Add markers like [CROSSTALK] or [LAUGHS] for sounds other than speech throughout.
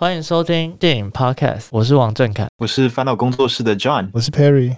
歡迎收聽電影 Podcast，我是王振愷，我是翻到工作室的 John，我是 Perry。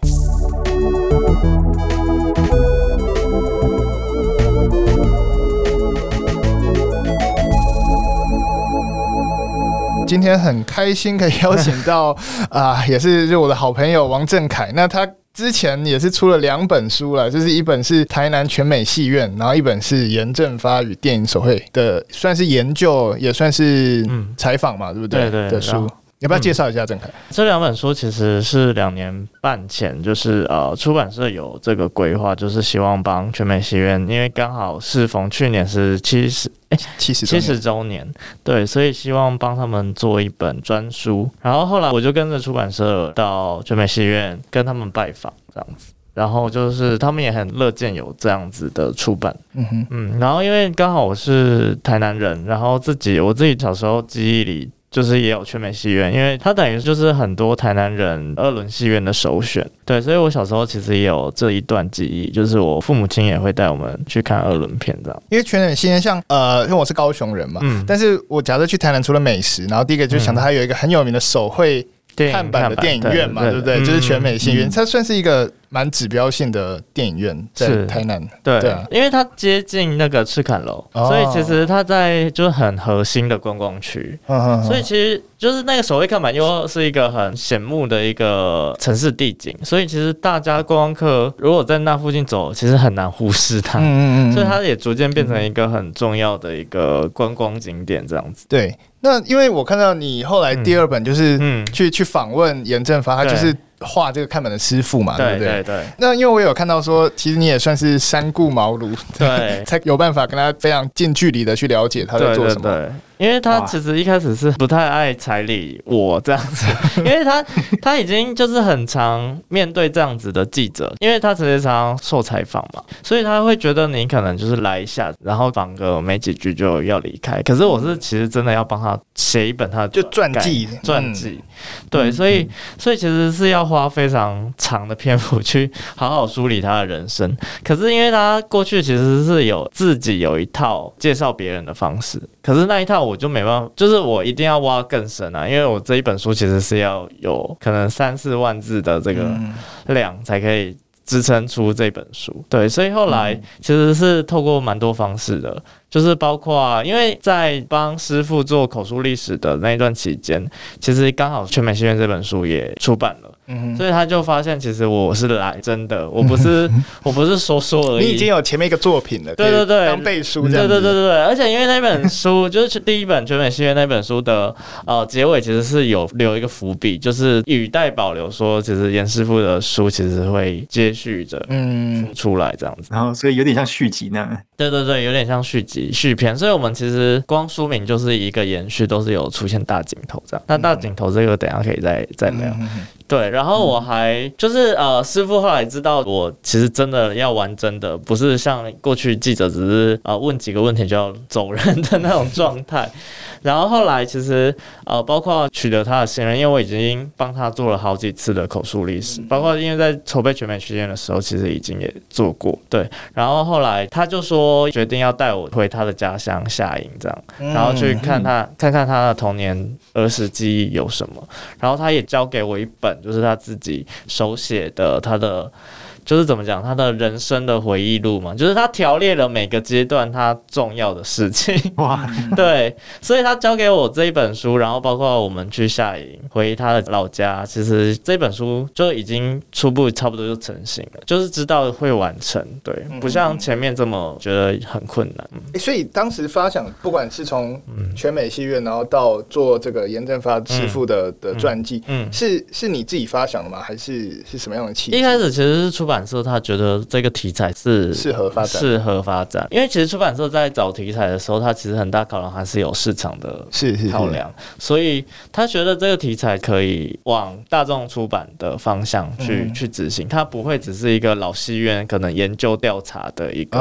今天很開心可以邀請到啊、 [LAUGHS] 呃，也是就我的好朋友王振愷。那他之前也是出了兩本書了，就是一本是《台南全美戲院》，然後一本是《顏振發與電影手繪》的，算是研究，也算是採訪嘛，嗯，對不對？對對，對。的書，要不要介紹一下？振，嗯，愷，這兩本書其實是兩年半前，就是呃，出版社有這個規劃，就是希望幫全美戲院，因為剛好適逢去年是七十。哎、欸，七十七十週年，對，所以希望幫他們做一本專書。然後後來我就跟着出版社到全美戲院跟他們拜訪，這樣子。然後就是他們也很樂見有這樣子的出版，嗯哼，嗯。然後因為剛好我是台南人，然後自己我自己小時候記憶裡。就是也有全美戲院，因為它等於就是很多台南人二輪戲院的首選，對，所以我小時候其實也有這一段記憶，就是我父母親也會帶我們去看二輪片的，因為全美戲院像呃，因為我是高雄人嘛，嗯，但是我假設去台南除了美食，然後第一個就想到它有一個很有名的手繪看板的電影院嘛，對不對？對？就是全美戲院，嗯，它算是一個。蠻指標性的電影院在台南，對,對、啊，因為它接近那個赤崁樓、哦，所以其實它在就是很核心的觀光區、哦，所以其實就是那個所謂看板，又是,是一個很顯目的一個城市地景，所以其實大家觀光客如果在那附近走，其實很難忽視它，嗯嗯嗯嗯所以它也逐漸變成一個很重要的一個觀光景點這樣子。對，那因為我看到你後來第二本就是去、嗯嗯、去訪問顏振發，他就是。畫這個看板的師傅嘛，對不對？對對對對，那因為我有看到說，其實你也算是三顧茅廬，對，對， [LAUGHS] 才有辦法跟他非常近距離的去了解他在做什麼。因為他其實一開始是不太愛彩禮，我這樣子，因為他他已經就是很常面對這樣子的記者， [LAUGHS] 因為他直接常常受採訪嘛，所以他會覺得你可能就是來一下，然後訪個我沒幾句就要離開。可是我是其實真的要幫他寫一本他的就傳記傳記傳記、嗯，對，所以所以其實是要花非常長的篇幅去好好梳理他的人生。可是因為他過去其實是有自己有一套介紹別人的方式。可是那一套，我就沒辦法，就是我一定要挖更深啊，因為我這一本書其實是要有可能三四萬字的這個量才可以支撐出這本書，對，所以後來其實是透過蠻多方式的。就是包括啊，因為在幫師傅做口述歷史的那一段期間，其實剛好《全美戲院》這本書也出版了，嗯，哼，所以他就發現，其實我是來真的，我不是、嗯、我不是說說而已。你已經有前面一個作品了，對對對，當背書這樣。對對對對，對而且因為那本書就是第一本《全美戲院》那本書的呃結尾，其實是有留一個伏筆，就是語帶保留說，其實顏師傅的書其實會接續着嗯出來這樣子，然後所以有點像續集那樣。對對對，有點像續集。續片，所以我們其實光書名就是一個延續，都是有出現大井頭這樣。那大井頭這個，等一下可以再再聊。嗯嗯嗯嗯嗯對，然後我還就是呃，師傅後來知道我其實真的要玩真的，不是像過去記者只是呃問幾個問題就要走人的那種狀態。 [LAUGHS] 然後後來其實呃，包括取得他的信任，因為我已經幫他做了好幾次的口述歷史，包括因為在籌備《全美》期間的時候，其實已經也做過。對，然後後來他就說決定要帶我回他的家鄉下營，這樣，然後去看他、嗯嗯、看看他的童年兒時記憶有什麼，然後他也交給我一本。就是他自己手寫的，他的。就是怎麼講，他的人生的回憶錄嘛，就是他條列了每個階段他重要的事情哇，對，所以他交給我這一本書，然後包括我們去下營回他的老家，其實這本書就已經初步差不多就成型了，就是知道會完成，對，嗯嗯嗯，不像前面這麼覺得很困難。欸、所以當時發想，不管是從全美戲院，然後到做這個顏振發師傅的的傳記，嗯，嗯，嗯，嗯，是是你自己發想的嗎？還是是什麼樣的契機？一開始其實是初。出版社他覺得這個題材是適合發展，適合發展，因為其實出版社在找題材的時候，他其實很大可能還是有市場的考量，所以他覺得這個題材可以往大眾出版的方向去去執行，它不會只是一個老戲院可能研究調查的一個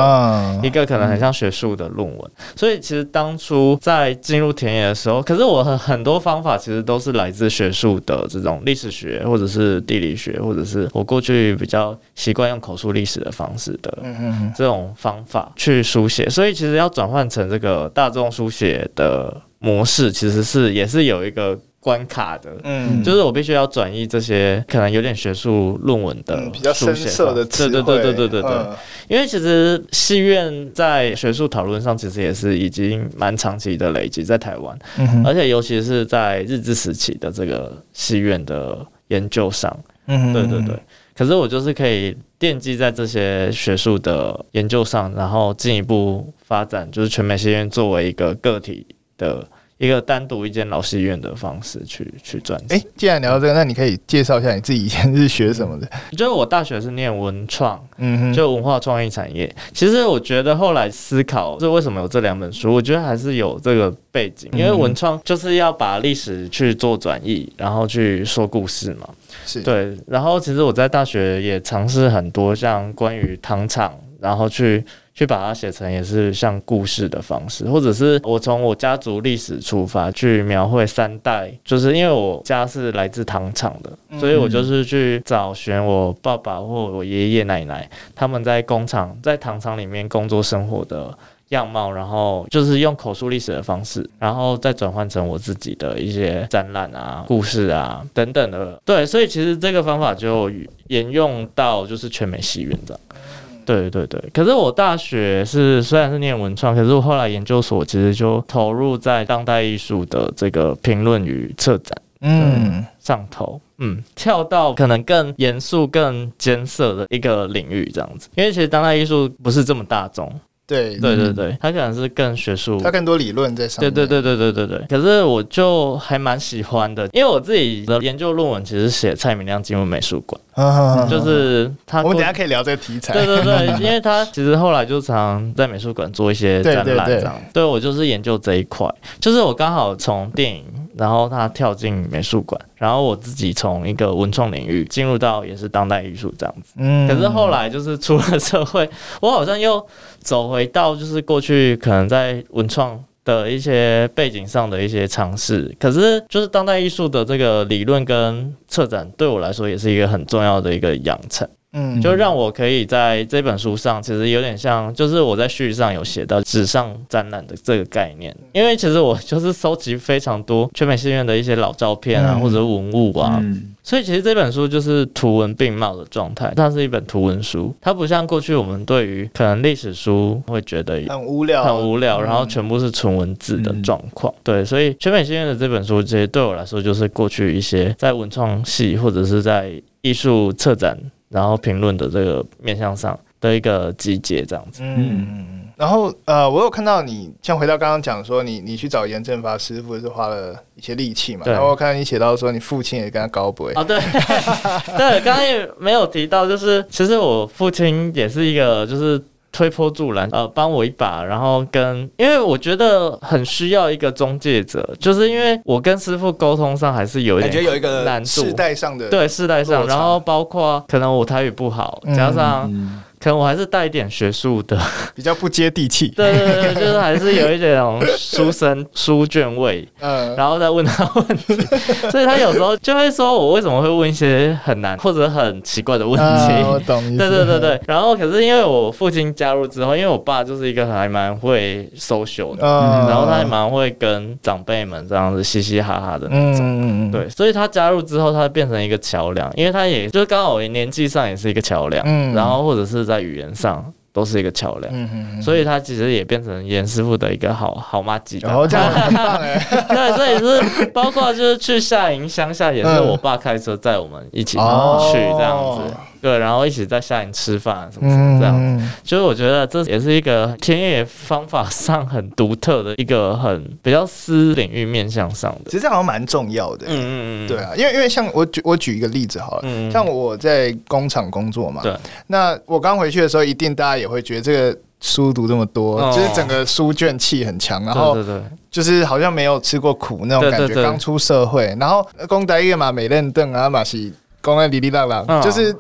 一個可能很像學術的論文。所以其實當初在進入田野的時候，可是我很多方法其實都是來自學術的這種歷史學或者是地理學，或者是我過去比較。習慣用口述歷史的方式的，這種方法去書寫，所以其實要轉換成這個大眾書寫的模式，其實是也是有一個關卡的，嗯，就是我必須要轉譯這些可能有點學術論文的比較書寫的，對對對對對對對,對，因為其實戲院在學術討論上，其實也是已經蠻長期的累積在台灣，而且尤其是在日治時期的這個戲院的研究上，嗯，對對對,對。可是我就是可以奠基在這些學術的研究上，然後進一步發展，就是全美戲院作為一個個體的，一個單獨一間老戲院的方式去去賺錢。欸，既然聊到這個，那你可以介紹一下你自己以前是學什麼的？嗯、就是我大學是念文創，嗯，就文化創意產業、嗯。其實我覺得後來思考，這為什麼有這兩本書，我覺得還是有這個背景，嗯、因為文創就是要把歷史去做轉譯，然後去說故事嘛，是對。然後其實我在大學也嘗試很多，像關於糖廠，然後去。去把它寫成也是像故事的方式，或者是我從我家族歷史出發去描繪三代，就是因為我家是來自糖廠的，嗯，所以我就是去找尋我爸爸或我爺爺奶奶他們在工廠、在糖廠裡面工作生活的樣貌，然後就是用口述歷史的方式，然後再轉換成我自己的一些展覽啊、故事啊等等的。對，所以其實這個方法就沿用到就是全美戲院這樣。對對對，可是我大學是雖然是念文創，可是我後來研究所其實就投入在當代藝術的這個評論與策展，嗯，上頭，嗯，跳到可能更嚴肅、更艱澀的一個領域這樣子，因為其實當代藝術不是這麼大眾。對,對對對對、嗯，他可能是更學術，他更多理論在上面。對對對對對對對。可是我就還蠻喜歡的，因為我自己的研究論文其實寫蔡明亮進入美術館，嗯嗯嗯、就是他。我們等一下可以聊這個題材。對對對， [LAUGHS] 因為他其實後來就常,常在美術館做一些展覽這樣。對對對。對我就是研究這一塊，就是我剛好從電影。然後他跳進美術館，然後我自己從一個文創領域進入到也是當代藝術這樣子。嗯，可是後來就是出了社會，我好像又走回到就是過去可能在文創的一些背景上的一些嘗試。可是就是當代藝術的這個理論跟策展，對我來說也是一個很重要的一個養成。嗯，就讓我可以在這本書上，其實有點像，就是我在序上有寫到紙上展覽的這個概念，因為其實我就是收集非常多全美戲院的一些老照片啊，或者文物啊，所以其實這本書就是圖文並茂的狀態，它是一本圖文書，它不像過去我們對於可能歷史書會覺得很無聊，很無聊，然後全部是純文字的狀況。對，所以全美戲院的這本書，其實對我來說就是過去一些在文創系或者是在藝術策展然後評論的這個面向上的一個集結這樣子，嗯嗯嗯。然後呃，我有看到你，像回到剛剛講說你，你你去找顏振發師傅是花了一些力氣嘛？然後我看你寫到說，你父親也跟他搞不哦，啊，對， [LAUGHS] [LAUGHS] 對，剛剛也沒有提到，就是其實我父親也是一個就是。推波助瀾，呃，幫我一把，然後跟，因為我覺得很需要一個中介者，就是因為我跟師傅溝通上還是有點有一個難度，對，世代上，然後包括可能我台語不好，嗯、加上。嗯可能我還是帶一點學術的，比較不接地氣。 [LAUGHS] 對對對，就是還是有一點那種書生 [LAUGHS] 書卷味。嗯、呃，然後再問他問題，所以他有時候就會說我為什麼會問一些很難或者很奇怪的問題。啊、我懂是是。對對對對。然後可是因為我父親加入之後，因為我爸就是一個還蠻會 social 的，嗯、然後他也蠻會跟長輩們這樣子嘻嘻哈哈的那種。嗯嗯，嗯，嗯對，所以他加入之後，他變成一個橋梁，因為他也就是剛好我年紀上也是一個橋梁。嗯。然後或者是。在語言上都是一個橋樑、嗯嗯，所以他其實也變成顏師傅的一個好好麻吉。的、哦。欸、 [LAUGHS] 對，所以是包括就是去下營鄉下，也是我爸開車載我們一起去這樣子。嗯哦對，然後一起在下面吃飯什麼什麼這樣子，嗯、就是我覺得這也是一個田野方法上很獨特的一個很比較私領域面向上的，其實這好像蠻重要的。嗯嗯嗯，對啊，因為因為像我舉我舉一個例子好了、嗯，像我在工廠工作嘛，對，那我剛回去的時候，一定大家也會覺得這個書讀這麼多，哦、就是整個書卷氣很強，然後對對，就是好像沒有吃過苦那種感覺，剛出社會，對對對，然後工大爺嘛沒認凳啊嘛是工安里里浪浪、嗯，就是。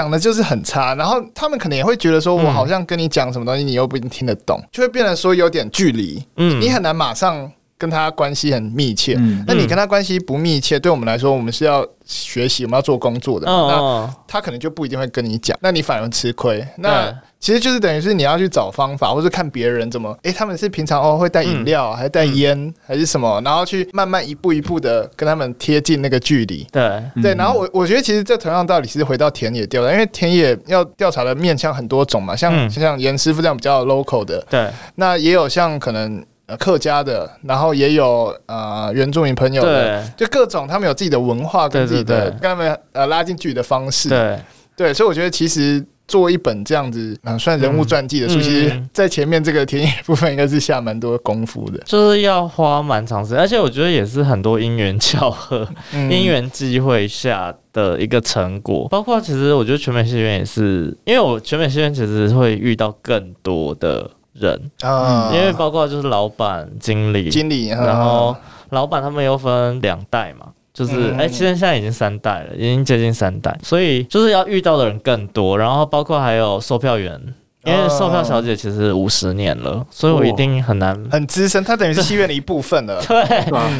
講的就是很差，然後他們可能也會覺得說，我好像跟你講什麼東西，你又不一定聽得懂，就會變得說有點距離，嗯，你很難馬上。跟他關係很密切，那、嗯、你跟他關係不密切、嗯，對我們來說，我們是要學習，我們要做工作的哦哦哦，那他可能就不一定會跟你講，那你反而吃虧。那其實就是等於是你要去找方法，或是看別人怎麼，哎、欸，他們是平常哦會帶飲料，嗯、還是帶煙，還是什麼，然後去慢慢一步一步的跟他們貼近那個距離。對對、嗯，然後我我覺得其實這同樣道理是回到田野調查，因為田野要調查的面向很多種嘛，像、嗯、像顏師傅這樣比較 local 的，對，那也有像可能。呃，客家的，然後也有呃原住民朋友的對，就各種他們有自己的文化跟自己的跟他們對對對呃拉近距離的方式，對對，所以我覺得其實做一本這樣子、呃、算人物傳記的書、嗯，其實在前面這個田野部分應該是下蠻多功夫的，就是要花蠻長時間，而且我覺得也是很多因緣巧合、嗯、因緣機會下的一個成果，包括其實我覺得全美戲院也是，因為我全美戲院其實會遇到更多的，人、嗯、因為包括就是老闆、經理、經理，然後老闆他們又分兩代嘛，就是哎，其實、嗯、欸、現在已經三代了，已經接近三代，所以就是要遇到的人更多，然後包括還有售票員。因為售票小姐其實五十年了，嗯，所以我一定很難、哦、很資深。她等於是戲院的一部分了，對，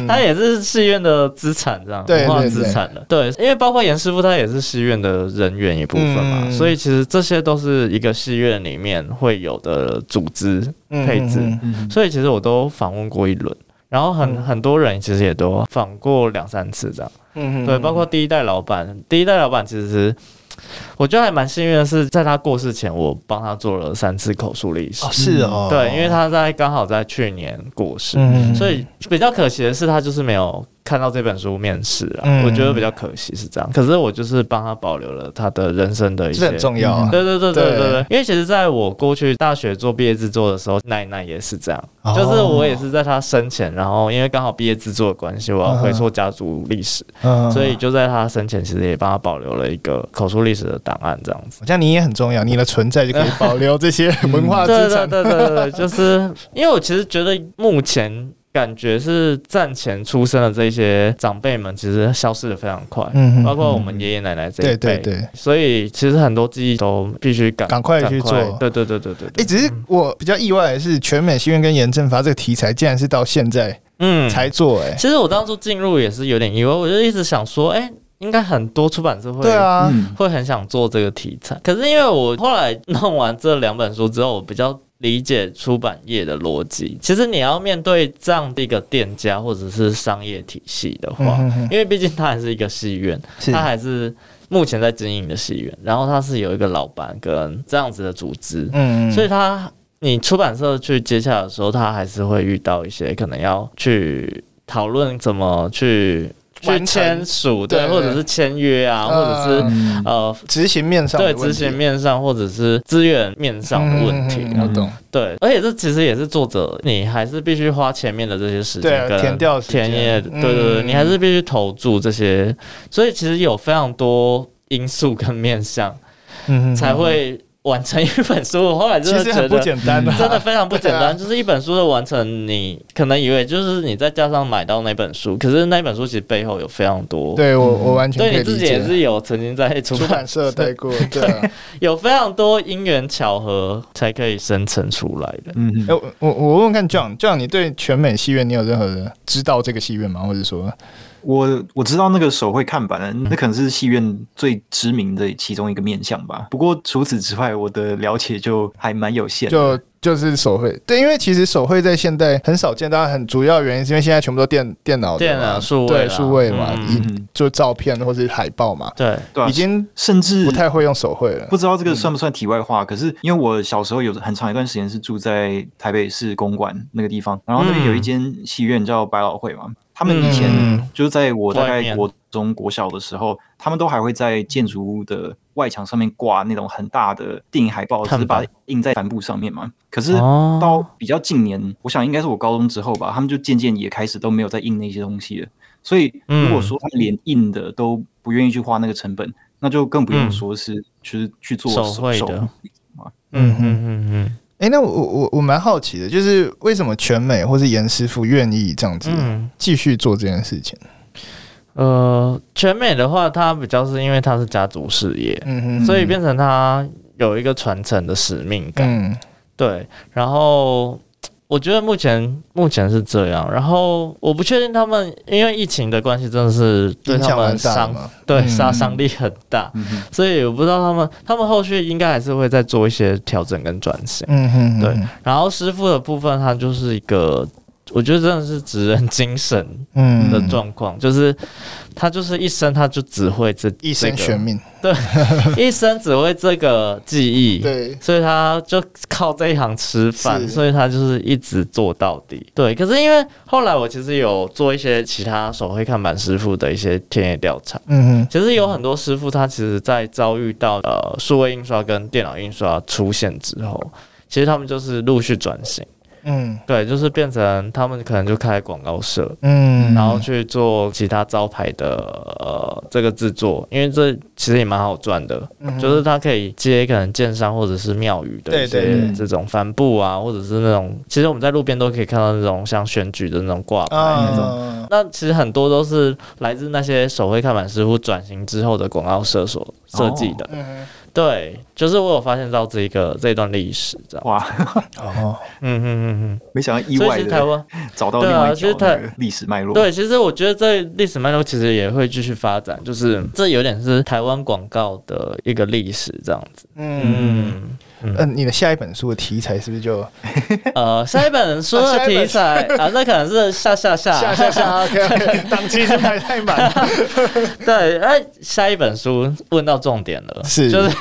她、 [LAUGHS] 嗯、也是戲院的資產這樣，文化資產了。對，因為包括顏師傅，他也是戲院的人員一部分嘛、嗯，所以其實這些都是一個戲院裡面會有的組織配置。嗯、所以其實我都訪問過一輪，然後很、嗯、很多人其實也都訪過兩三次這樣、嗯。對，包括第一代老板，第一代老板其實是。我覺得還蠻幸運的是，在他過世前，我幫他做了三次口述歷史。哦。是哦，對，因為他在剛好在去年過世，嗯，所以比較可惜的是，他就是沒有。看到這本書面世啊、嗯，我覺得比較可惜是這樣。可是我就是幫他保留了他的人生的一些，很重要啊、嗯！對對對對對對，因為其實在我過去大學做畢業製作的時候，奶奶也是這樣，就是我也是在他生前，然後因為剛好畢業製作的關係，我要回溯家族歷史、嗯，所以就在他生前，其實也幫他保留了一個口述歷史的檔案，這樣子。像你也很重要，你的存在就可以保留這些文化資產。 [LAUGHS] 對，對，對對對對對，就是因為我其實覺得目前。感覺是戰前出生的這些長輩們，其實消失得非常快，嗯，包括我們爺爺奶奶這一輩，對對對，所以其實很多記憶都必須趕趕快去做，對對對對對。哎，只是我比較意外的是，全美戲院跟顏振發這個題材，竟然是到現在嗯才做、欸。誒、嗯，其實我當初進入也是有點意外，我就一直想說，誒、欸，應該很多出版社會對啊、嗯，會很想做這個題材，可是因為我後來弄完這兩本書之後，我比較。理解出版業的邏輯，其實你要面對這樣的一個店家或者是商業體系的話，嗯、哼哼，因為畢竟它還是一個戲院，它還是目前在經營的戲院，然後它是有一個老闆跟這樣子的組織，嗯，嗯，所以他你出版社去接洽的時候，他還是會遇到一些可能要去討論怎麼去。去簽署對、嗯，或者是簽約啊、嗯，或者是呃執行面上對執行面上，或者是資源面上的問題。嗯嗯嗯，我懂。對，而且這其實也是作者，你還是必須花前面的這些時間，跟，田調、田野。對對對，嗯、你還是必須投注這些，所以其實有非常多因素跟面向，嗯嗯、才會。完成一本書，我後來就是覺得真的非常不簡單，啊嗯啊、就是一本書的完成，你可能以為就是你再加上買到那本書， [LAUGHS] 可是那本書其實背後有非常多。對我，我完全對你自己也是有曾經在出版、出版社待過， [LAUGHS] 對，對、啊，有非常多因緣巧合才可以生成出來的。嗯、欸，我我問問看，John，John，John, 你對全美戲院你有任何人知道這個戲院嗎？或者說？我我知道那個手繪看板，那可能是戲院最知名的其中一個面向吧。不過除此之外，我的了解就還蠻有限。就就是手繪，對，因為其實手繪在現代很少見，當然很主要原因是因為現在全部都電電腦，電腦數位，對，數位嘛、嗯，就照片或者海報嘛。對、嗯、對，已經甚至不太會用手繪了。啊、不知道這個算不算題外話、嗯？可是因為我小時候有很長一段時間是住在台北市公館那個地方，然後那裡有一間戲院叫百老匯嘛。嗯他們以前、嗯、就是在我大概國中國小的時候，他們都還會在建築物的外牆上面掛那種很大的電影海報，是把它印在帆布上面嘛。可是到比較近年，哦、我想應該是我高中之後吧，他們就漸漸也開始都沒有再印那些東西了。所以如果說他們連印的都不願意去花那個成本、嗯，那就更不用說是去、嗯、去做手繪的嗯嗯嗯嗯。嗯哼哼哎、欸，那我我我蠻好奇的，就是為什麼全美或是顏師傅願意這樣子繼續做這件事情？嗯、呃，全美的話，他比較是因為他是家族事業，嗯、哼哼所以變成他有一個傳承的使命感，嗯、對，然後。我覺得目前目前是這樣，然後我不確定他們，因為疫情的關係真的是對他們傷，對殺傷力很大，嗯，所以我不知道他們，他們後續應該還是會再做一些調整跟轉型，嗯哼嗯哼，對，然後師傅的部分他就是一個。我覺得真的是職人精神的狀況，嗯，就是他就是一生，他就只會這一生懸命。對 [LAUGHS] 一生只會這個技藝，對，所以他就靠這一行吃飯，所以他就是一直做到底。對，可是因為後來我其實有做一些其他手繪看板師傅的一些田野調查，嗯嗯，其實有很多師傅他其實在遭遇到、嗯、呃數位印刷跟電腦印刷出現之後，其實他們就是陸續轉型。嗯，對，就是變成他們可能就開廣告社，嗯，然後去做其他招牌的、呃、這個制作，因為這其實也蠻好賺的、嗯，就是它可以接可能建商或者是廟宇的一些這種帆布啊，對對對，或者是那種其實我們在路邊都可以看到那種像選舉的那種掛牌那種、啊，那其實很多都是來自那些手繪看板師傅轉型之後的廣告社所設計的。哦嗯對，就是我有發現到這個這一段歷史這樣哇哦，嗯嗯嗯嗯，沒想到意外的，所以其實台灣找到那個，對啊，其實台灣歷史脈絡對，其實我覺得這歷史脈絡其實也會繼續發展，就是這有點是台灣廣告的一個歷史這樣子，嗯。嗯嗯，啊、你的下一本書的題材是不是就？呃，下一本書的題材啊，啊，啊，那可能是下下下下下下，檔、 [LAUGHS] okay, okay, 期真的太太滿了。 [LAUGHS] 對，哎、啊，下一本書問到重點了，是就是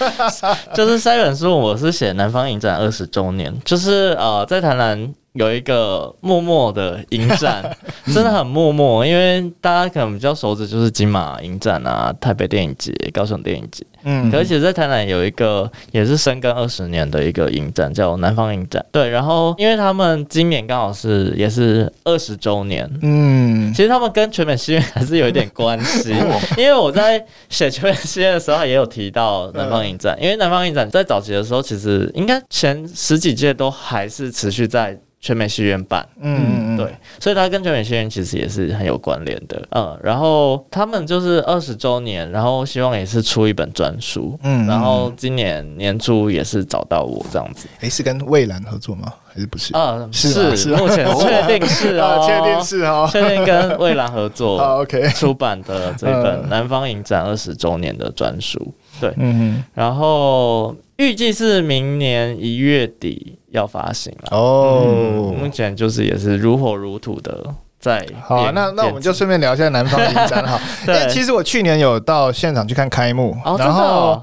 [LAUGHS] 就是下一本書，我是寫南方影展二十周年，就是呃，在台南。有一個默默的影展，真的很默默，因為大家可能比較熟知就是金馬影展啊、台北電影節、高雄電影節，嗯，可其實在台南有一個也是深耕二十年的一個影展，叫南方影展。對，然後因為他們今年剛好是也是二十周年，嗯，其實他們跟全美戲院還是有一點關係、嗯，因為我在寫全美戲院的時候也有提到南方影展、嗯，因為南方影展在早期的時候其實應該前十幾屆都還是持續在。全美戲院版，嗯對嗯對，所以他跟全美戲院其實也是很有關聯的，嗯，然後他們就是二十周年，然後希望也是出一本專書，嗯，然後今年年初也是找到我這樣子，哎、嗯嗯欸，是跟蔚藍合作嗎？還是不是？啊，是啊是，、啊是啊，目前確定是，、哦、是啊，確定是啊。確定，、哦、定跟蔚藍合作，OK 出版的這本《南方影展二十周年的專》的專書，對，嗯嗯，然後。預計是明年一月底要發行了哦。目前就是也是如火如荼的在。Oh, 好，那那我們就順便聊一下南方的影展哈。因為其實我去年有到現場去看開幕，然後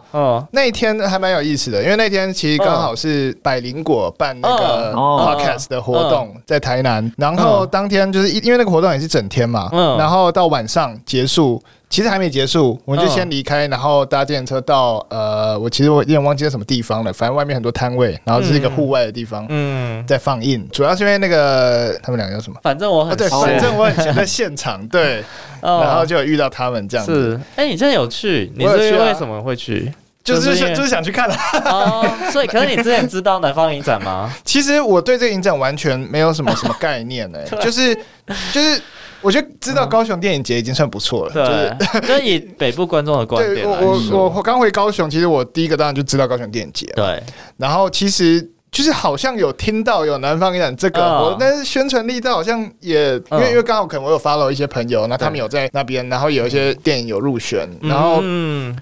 那一天還蠻有意思的，因為那天其實剛好是百靈果辦那個 podcast 的活動在台南，然後當天就是因為那個活動也是整天嘛，然後到晚上結束。其實還沒結束，我們就先離開，然後搭電車到、哦、呃，我其實我有點忘記在什麼地方了。反正外面很多攤位，然後是一個戶外的地方，嗯，在放映。主要是因為那個他們兩個叫什麼？反正我很、哦、對，反正我很喜歡在現場、哦、對，然後就有遇到他們這樣子。哎、欸，你真有去？你是為什麼會去？啊、就是、就是就是、就是想去看。哦，所以，可是你之前知道南方影展嗎？ [LAUGHS] 其實我對這個影展完全沒有什麼什麼概念呢、欸 [LAUGHS] 就是，就是就是。我覺得知道高雄電影節已經算不錯了，嗯，對。所以北部觀眾的觀點，我我我剛回高雄，其實我第一個當然就知道高雄電影節。對。然後其實就是好像有聽到有南方講這個，哦，我但是宣傳力道好像也，哦，因為因為剛好可能我有 follow 一些朋友，那他們有在那邊，然後有一些電影有入選，嗯，然後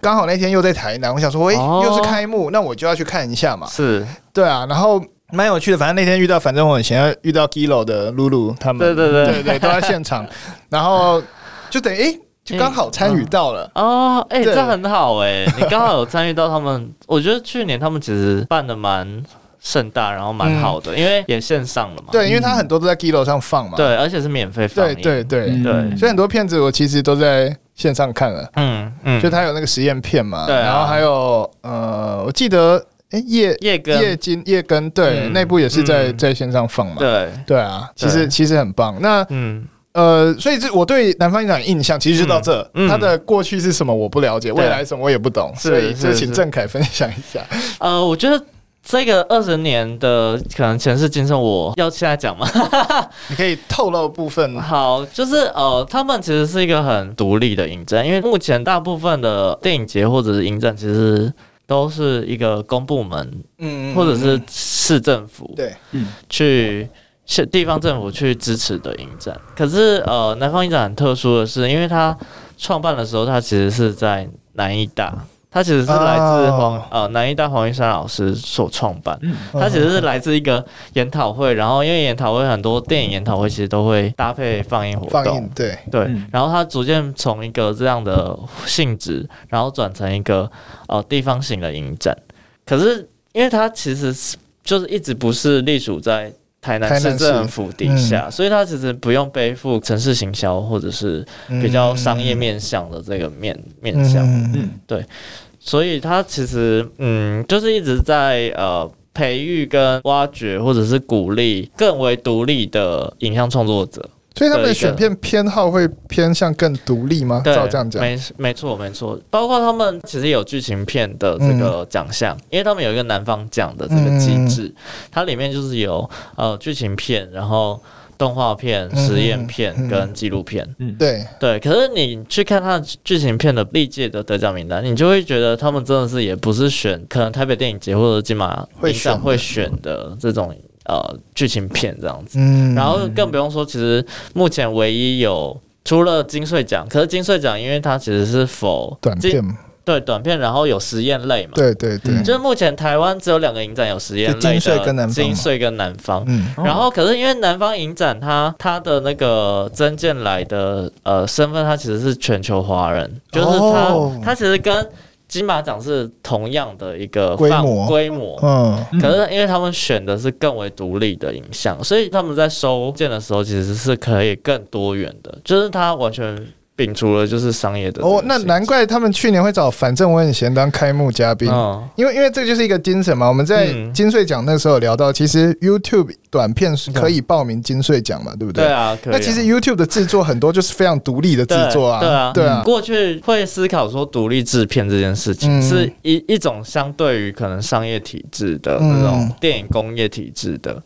剛好那天又在台南，我想說，喂，欸，哦，又是開幕，那我就要去看一下嘛。是。對啊，然後。蠻有趣的，反正那天遇到，反正我很想要遇到 Giloo 的露露他們，對對對對對，對，都在現場， [LAUGHS] 然後就等於哎、欸，就剛好參與到了、嗯嗯、哦，哎、欸，這很好哎、欸，你剛好有參與到他們， [LAUGHS] 我覺得去年他們其實辦得蠻盛大，然後蠻好的，嗯、因為也線上了嘛，對，因為他很多都在 Giloo 上放嘛、嗯，對，而且是免費放，對對對、嗯、對，所以很多片子我其實都在線上看了，嗯嗯，就他有那個實驗片嘛，對、哦，然後還有呃，我記得。哎、欸，葉葉根葉金葉根，對，內、嗯、部也是在、嗯、在線上放嘛？對對啊，對其實其實很棒。那嗯呃，所以這我對南方音印象其實就到這、嗯嗯。他的過去是什麼我不了解、嗯，未來什麼我也不懂，所以就請振愷分享一下。呃，我覺得這個二十年的可能前世今生，我要現在講嗎？ [LAUGHS] 你可以透露部分。好，就是呃，他們其實是一個很獨立的影展，因為目前大部分的電影節或者是影展其實。都是一個公部門，或者是市政府，對，去地方政府去支持的影展。可是呃，南方影展很特殊的是，因為他創辦的時候，他其實是在南藝大。它其實是來自黃、哦、呃南藝大黃玉珊老師所創辦、嗯，它其實是來自一個研討會、嗯，然後因為研討會很多電影研討會其實都會搭配放映活動，放映對，對、嗯、然後它逐漸從一個這樣的性質，然後轉成一個呃地方型的影展，可是因為它其實是就是一直不是隸屬在。台南市政府底下，嗯，所以他其實不用背負城市行銷或者是比較商業面向的這個面，嗯、面向，嗯、對，所以他其實嗯，就是一直在呃培育跟挖掘，或者是鼓勵更為獨立的影像創作者。所以他們的選片偏好會偏向更獨立嗎？對，照這樣講，沒沒錯沒錯。包括他們其實有劇情片的這個獎項、嗯，因為他們有一個南方獎的這個機制、嗯，它裡面就是有呃劇情片，然後動畫片、實驗片跟紀錄片。嗯，嗯嗯嗯對對。可是你去看他的劇情片的歷屆的得獎名單，你就會覺得他們真的是也不是選，可能台北電影節或者金馬影展會選會選的這種。呃，劇情片這樣子、嗯，然後更不用說，其實目前唯一有，除了金穗獎，可是金穗獎，因為它其實是否短片嘛，對短片，然後有實驗類嘛，對對對，嗯、就是目前台灣只有兩個影展有實驗類的，金穗跟南方，金穗跟南方、嗯，然後可是因為南方影展它，它它的那個曾建來的呃身份，它其實是全球華人，就是它、哦、它其實跟。金馬獎是同樣的一個規模，規模，嗯，可是因為他們選的是更為獨立的影像，嗯，所以他們在收件的時候其實是可以更多元的，就是他完全。摒除了就是商業的哦，那難怪他們去年會找反正我很閒當開幕嘉賓，哦，因為因為這就是一個精神嘛。我們在金穗獎那時候有聊到，其實 YouTube 短片可以報名金穗獎嘛，嗯，對不對？嗯、對啊，可以啊。那其實 YouTube 的製作很多就是非常獨立的製作啊，對，對啊，對啊。嗯、過去會思考說獨立製片這件事情，嗯、是一一種相對於可能商業體制的那種電影工業體制的。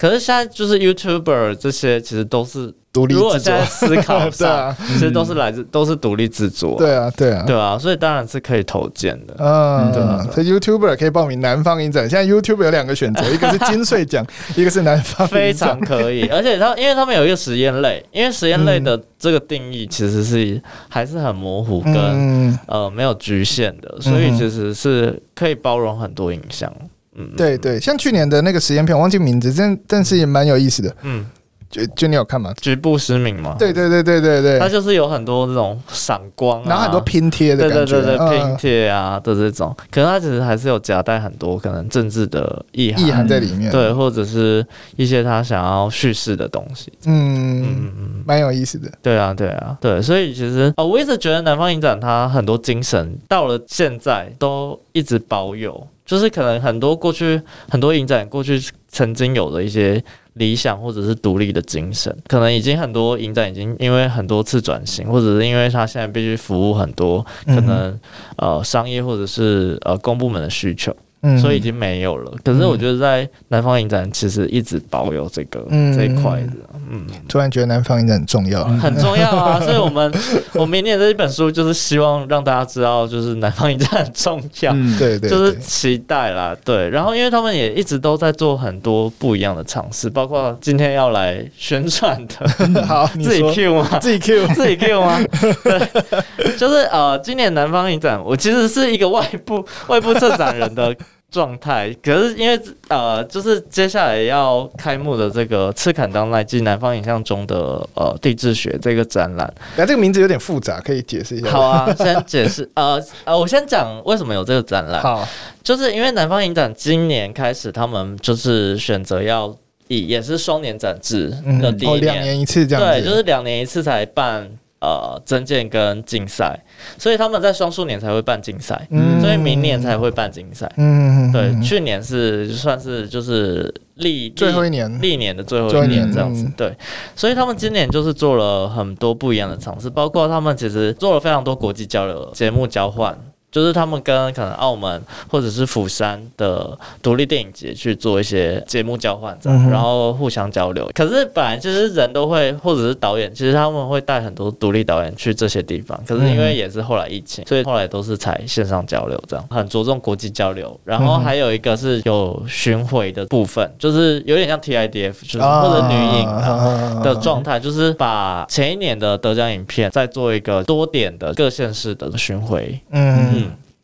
可是現在就是 YouTuber 這些其實都是獨立，如果在思考上，其實都是來自都是獨立製作、啊，啊 [LAUGHS] 啊嗯啊、對啊對啊對啊，所以當然是可以投件的、嗯、對啊對。啊對啊、所以 YouTuber 可以報名南方影展。現在 YouTuber 有兩個選擇，一個是金穗獎，一個是南方 [LAUGHS] 非常可以。 [LAUGHS] 而且他因為他們有一個實驗類，因為實驗類的這個定義其實是還是很模糊，跟呃沒有局限的，所以其實是可以包容很多影像。嗯、對對，像去年的那個實驗片，我忘記名字，但但是也蠻有意思的。嗯，就就你有看嗎？局部失明嘛。對對對對對對，它就是有很多這種閃光、啊，然後很多拼貼的、啊。對對對對，啊、拼貼啊的這種，可是它其實還是有夾帶很多可能政治的意涵意涵在裡面。對，或者是一些他想要敘事的東西。嗯，嗯，嗯，蠻有意思的。對啊，對啊，對。所以其實、哦、我一直覺得南方影展它很多精神到了現在都一直保有。就是可能很多過去很多影展過去曾經有的一些理想或者是獨立的精神，可能已經很多影展已經因為很多次轉型，或者是因為他現在必須服務很多可能、嗯、呃商業或者是呃公部門的需求。所以已經沒有了、嗯。可是我覺得在南方影展，其實一直保有這個、嗯、這一塊的。嗯，突然覺得南方影展很重要、啊嗯，很重要啊！ [LAUGHS] 所以我們我明年這一本書就是希望讓大家知道，就是南方影展很重要。嗯、對對，對，就是期待啦。對，然後因為他們也一直都在做很多不一樣的嘗試，包括今天要來宣傳的。嗯、 [LAUGHS] 好，自己 Q 嗎？自己 Q [LAUGHS] 自己 Q 嗎？對，就是呃，今年南方影展，我其實是一個外部外部策展人的。狀態，可是因為呃，就是接下來要開幕的這個“赤崁當代記暨南方影像中的呃地誌學”這個展覽，那、啊、這個名字有點複雜，可以解釋一下是不是？好啊，先解釋 [LAUGHS] 呃呃，我先講為什麼有這個展覽。好，就是因為南方影展今年開始，他們就是選擇要以也是雙年展制的第一年、嗯、哦、兩年一次這樣，對，就是兩年一次才辦。呃，徵件跟競賽，所以他們在雙數年才會辦競賽，嗯，所以明年才會辦競賽。嗯，對，去年是算是就是歷最後一年歷年的最後一年這樣子，嗯。對，所以他們今年就是做了很多不一樣的嘗試，包括他們其實做了非常多國際交流節目交換。就是他們跟可能澳門或者是釜山的獨立電影節去做一些節目交換這樣，然後互相交流。可是本來其實人都會，或者是導演，其實他們會帶很多獨立導演去這些地方。可是因為也是後來疫情，所以後來都是才線上交流，這樣很着重國際交流。然後還有一個是有巡迴的部分，就是有點像 TIDF，就是或者女影啊的狀態，就是把前一年的得獎影片再做一個多點的各縣市的巡迴。嗯，嗯。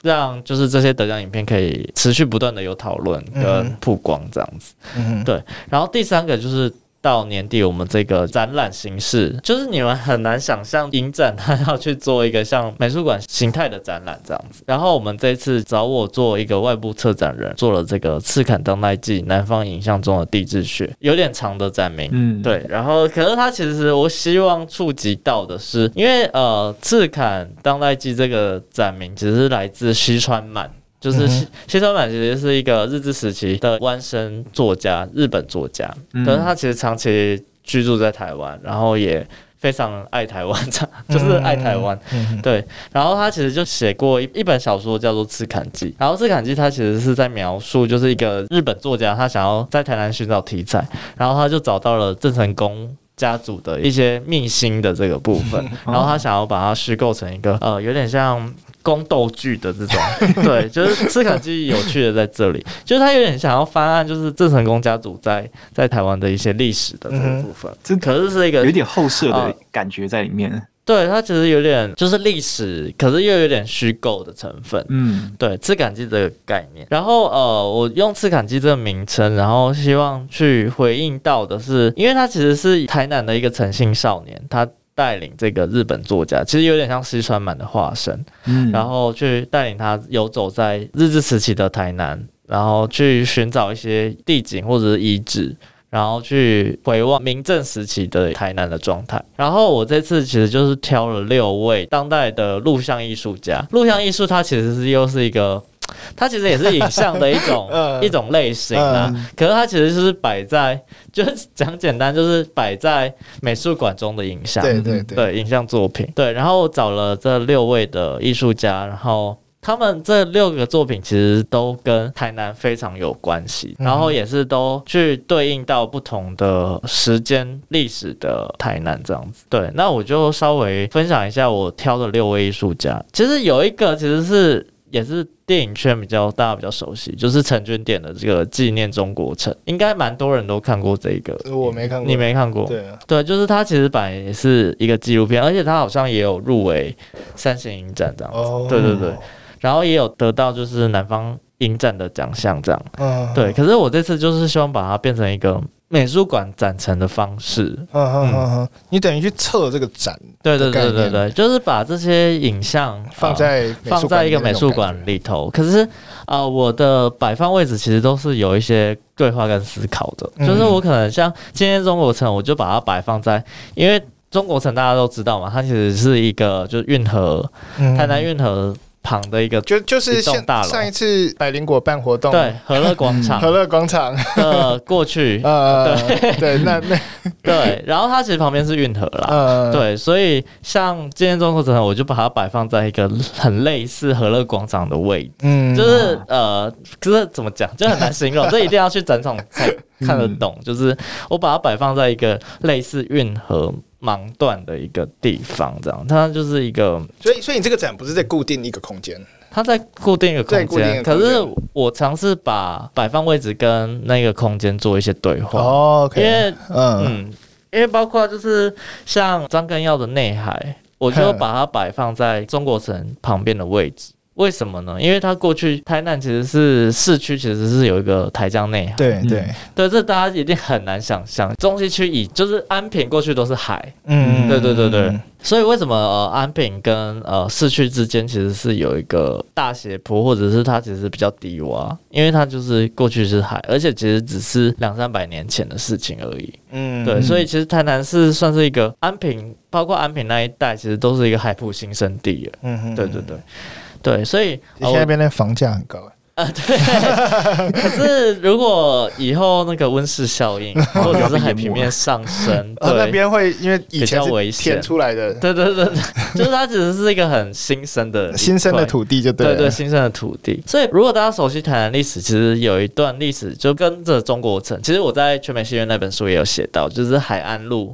讓就是這些得獎影片可以持續不斷的有討論跟曝光這樣子，嗯嗯，對。然後第三個就是，到年底，我們這個展覽形式就是你們很難想象影展，他要去做一個像美術館形態的展覽這樣子。然後我們這次找我做一個外部策展人，做了這個赤崁當代記《南方影像中的地誌學》，有點長的展名。嗯，對。然後，可是他其實我希望觸及到的是，因為呃，赤崁當代記這個展名其實是來自西川滿。就是西西川滿，其實是一個日治時期的灣生作家、日本作家，可是他其實長期居住在台灣，然後也非常愛台灣，就是愛台灣，嗯。對，然後他其實就寫過一本小說叫做《赤崁記》，然後《赤崁記》他其實是在描述，就是一個日本作家他想要在台南尋找題材，然後他就找到了鄭成功家族的一些秘辛的這個部分，然後他想要把它虛構成一個呃，有點像。宮鬥劇的這種， [LAUGHS] 對，就是赤崁記，有趣的在這裡， [LAUGHS] 就是他有點想要翻案，就是鄭成功家族在在台灣的一些歷史的這個部分，嗯、這可是是一個有點後設的感覺在裡面。呃、對，他其實有點就是歷史，可是又有點虛構的成分。嗯，對，赤崁記這個概念，然後呃，我用赤崁記這個名稱，然後希望去回應到的是，因為他其實是台南的一個誠信少年，他。帶領這個日本作家，其實有點像西川滿的化身，嗯，然後去帶領他游走在日治時期的台南，然後去尋找一些地景或者是遺址，然後去回望明鄭時期的台南的狀態。然後我這次其實就是挑了六位當代的錄像藝術家，錄像藝術它其實是又是一個。它其實也是影像的一種、 [LAUGHS] 嗯、一種類型啊，嗯、可是它其實就是擺在，就是講簡單，就是擺在美術館中的影像，對對對，對，影像作品，對。然後我找了這六位的藝術家，然後他們這六個作品其實都跟台南非常有關係，然後也是都去對應到不同的時間歷史的台南這樣子。對，那我就稍微分享一下我挑的六位藝術家，其實有一個其實是。也是電影圈比較大家比較熟悉，就是陳俊典的這個《紀念中國城》，應該蠻多人都看過這個。我沒看過，你沒看過？對、啊、對，就是它其實本來也是一個紀錄片，而且它好像也有入圍三線影展這樣，oh, 對對對，然後也有得到就是南方影展的獎項這樣。Oh. 對。可是我這次就是希望把它變成一個。美術館展陳的方式，呵呵呵，嗯嗯，你等於去策這個展，對對對對對，就是把這些影像放在、呃、放在一個美術館裡頭。可是啊、呃，我的擺放位置其實都是有一些規劃跟思考的、嗯。就是我可能像今天中國城，我就把它擺放在，因為中國城大家都知道嘛，它其實是一個就是運河，台南運河。旁的一個就就是像上一次百靈果辦活動，對，河樂廣場，河樂廣場，呃過去呃對 [LAUGHS] 對那那對，然後它其實旁邊是運河啦、呃、對。所以像今天中國城我就把它擺放在一個很類似河樂廣場的位置、嗯、就是呃可是怎麼講，就很難形容，所以一定要去展場才看得懂、嗯、就是我把它擺放在一個類似運河。盲斷的一個地方，這樣它就是一個，所以所以你這個展不是在固定一個空間，它在固定一個空間，可是我嘗試把擺放位置跟那個空間做一些對話，哦、oh, okay,，因為嗯,嗯因為包括就是像張根耀的內海，我就把它擺放在中國城旁邊的位置。為什麼呢？因為它過去台南其實是市區，其實是有一個台江內海。對對對，這大家一定很難想象。中西區以就是安平過去都是海。嗯，對對對對。嗯、所以為什麼呃安平跟呃市區之間其實是有一個大斜坡，或者是它其實比較低洼？因為它就是過去是海，而且其實只是兩三百年前的事情而已。嗯，對。所以其實台南是算是一個安平，包括安平那一帶，其實都是一個海埔新生地。嗯嗯，對對對。對，所以、啊、現在那邊的房價很高誒、欸。啊，對。 [LAUGHS] 可是如果以後那個溫室效應或者是海平面上升， [LAUGHS] 啊、那邊會因為以前是填出來的，對對對，對， [LAUGHS] 就是它其實是一個很新生的對對，新生的土地，就對。對對，新生的土地。所以如果大家熟悉台南歷史，其實有一段歷史就跟着中國城。其實我在《全美戲院》那本書也有寫到，就是海安路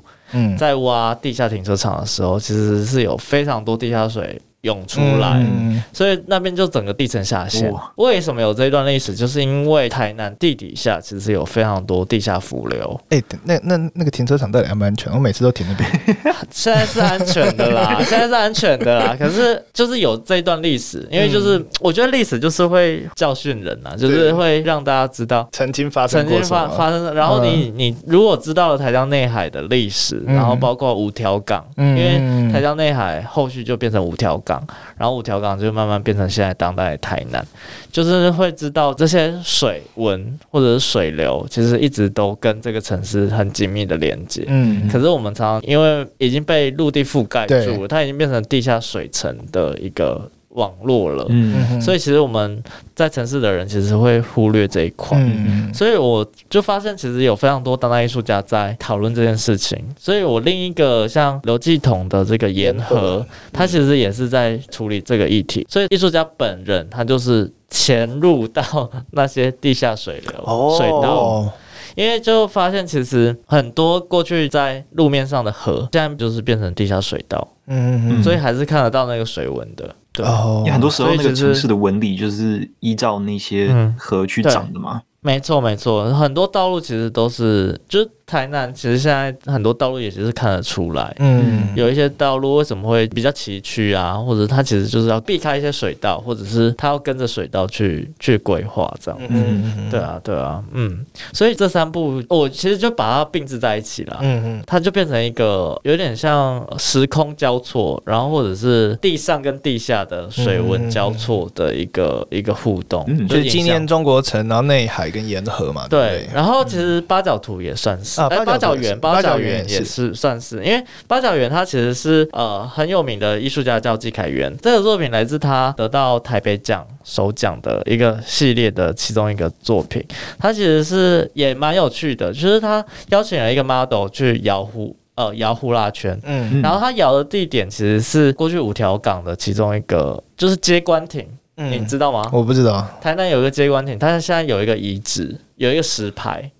在挖地下停車場的時候，其實是有非常多地下水。湧出來，嗯、所以那邊就整個地層下陷。為什麼有這一段歷史？就是因為台南地底下其實有非常多地下伏流。哎、欸，那那那個停車場到底安不安全？我每次都停那邊。現在是安全的啦， [LAUGHS] 現在是安全的啦。 [LAUGHS] 可是就是有這一段歷史，因為就是我覺得歷史就是會教訓人吶、啊嗯，就是會讓大家知道曾經發生過、曾經發發生。然後你、嗯、你如果知道了台江內海的歷史，然後包括五條港、嗯，因為台江內海後續就變成五條港。然後五條港就慢慢變成現在當代的台南，就是會知道這些水文或者是水流，其實一直都跟這個城市很緊密的連接。嗯，可是我們常常因為已經被陸地覆蓋住，它已經變成地下水層的一個。網絡了、嗯，所以其實我們在城市的人其實會忽略這一塊、嗯，所以我就發現其實有非常多當代藝術家在討論這件事情。所以，我另一個像劉繼統的這個沿河、嗯，他其實也是在處理這個議題。所以，藝術家本人他就是潛入到那些地下水流、哦、水道，因為就發現其實很多過去在路面上的河，現在就是變成地下水道，嗯嗯，所以還是看得到那個水紋的。對、哦，因為很多時候那個城市的紋理就是依照那些河去長的嘛、嗯。沒錯，沒錯，很多道路其實都是就。台南其實現在很多道路也其實看得出來，嗯，有一些道路為什麼會比較崎嶇啊，或者它其實就是要避開一些水道，或者是它要跟着水道去去規劃這樣，嗯，嗯，對啊，對啊，嗯，所以這三部，我其實就把它併置在一起了，嗯嗯，它就變成一個有點像時空交錯，然後或者是地上跟地下的水文交錯的一個、嗯、一個互動，嗯嗯、就以今年中國城然後內海跟沿河嘛對，對，然後其實八角圖也算是。嗯八角園，八角園也是算是，是，因為八角園它其實是呃很有名的藝術家叫紀凱源，這個作品來自他得到台北獎首獎的一個系列的其中一個作品。他其實是也蠻有趣的，就是他邀請了一個 model 去搖呼呃搖呼啦圈，嗯，然後他搖的地點其實是過去五條港的其中一個就是接官亭、嗯，你知道嗎？我不知道，台南有一個接官亭，但是現在有一個遺址，有一個石牌。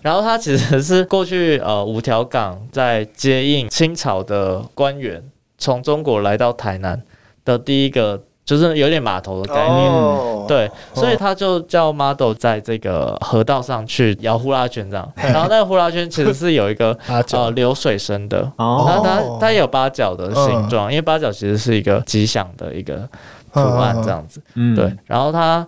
然後它其實是過去呃五條港在接應清朝的官員從中國來到台南的第一個，就是有點碼頭的概念。Oh, 對，所以他就叫 model 在這個河道上去搖呼拉圈這樣。Oh. 然後那個呼拉圈其實是有一個 [LAUGHS] 呃流水聲的，它它它有八角的形狀，oh. 因為八角其實是一個吉祥的一個圖案這樣子。Oh, oh. 對，然後它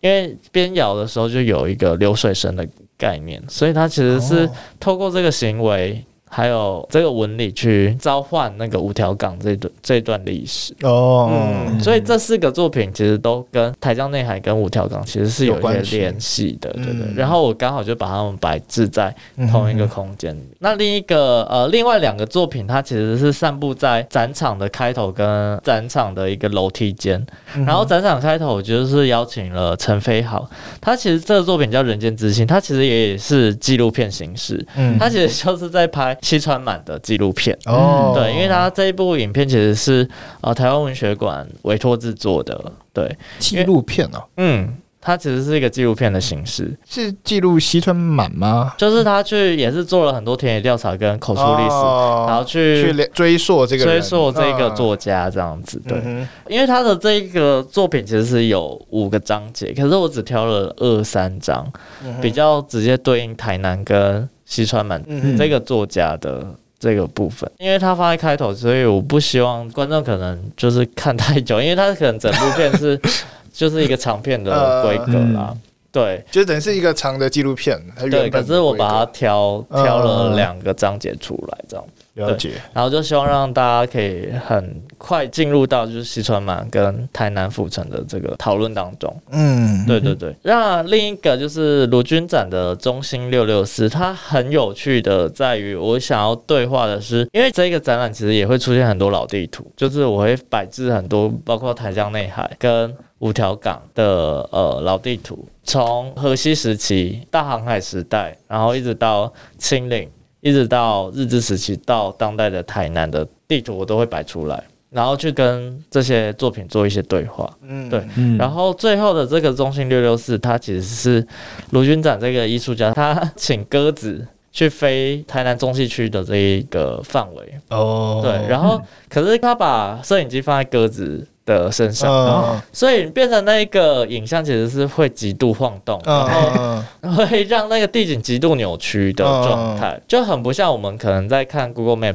因為邊搖的時候就有一個流水聲的。概念，所以他其實是透過這個行為。還有這個紋理去召喚那個五條港這段這段歷史哦、oh，嗯，嗯，所以這四個作品其實都跟台江內海跟五條港其實是有一些聯繫的，對對。然後我剛好就把它們擺置在同一個空間裡、嗯、那另一個呃，另外兩個作品它其實是散布在展場的開頭跟展場的一個樓梯間、嗯。然後展場開頭就是邀請了陳飛豪，他其實這個作品叫《人間之心》，他其實也是紀錄片形式，嗯，他其實就是在拍。西川滿的紀錄片哦，對，因為他這一部影片其實是呃台灣文學館委托制作的，對，紀錄片哦，嗯，它其實是一個紀錄片的形式，嗯、是記錄西川滿嗎？就是他去也是做了很多田野調查跟口述歷史、哦，然後去去追溯這個人、追溯這個作家這樣子，對、嗯，因為他的這個作品其實是有五個章節，可是我只挑了二三章、嗯，比較直接對應台南跟。西川滿這個作家的，、嗯嗯、這個作家的這個部分，因為他放在開頭，所以我不希望觀眾可能就是看太久，因為他可能整部片是 [LAUGHS] 就是一個長片的規格啦、呃，對，就等於是一個長的紀錄片。對，可是我把它挑挑了兩個章節出來，這樣子。了解，然後就希望讓大家可以很快進入到就是西川滿跟台南府城的這個討論當中。嗯，對對對。那另一個就是盧軍展的中心六六四，它很有趣的在於，我想要對話的是，因為這個展覽其實也會出現很多老地圖，就是我會擺置很多，包括台江內海跟五條港的呃老地圖，從河西時期、大航海時代，然後一直到清領。一直到日治時期到當代的台南的地圖，我都會擺出來，然後去跟這些作品做一些對話。嗯，對。然後最後的這個中心六六四，他其實是盧軍展這個藝術家，他請鴿子去飛台南中西區的這一個範圍。哦，對。然後可是他把攝影機放在鴿子的身上、哦，所以變成那個影像其實是會極度晃動，哦、然後會讓那個地景極度扭曲的狀態、哦，就很不像我們可能在看 Google Map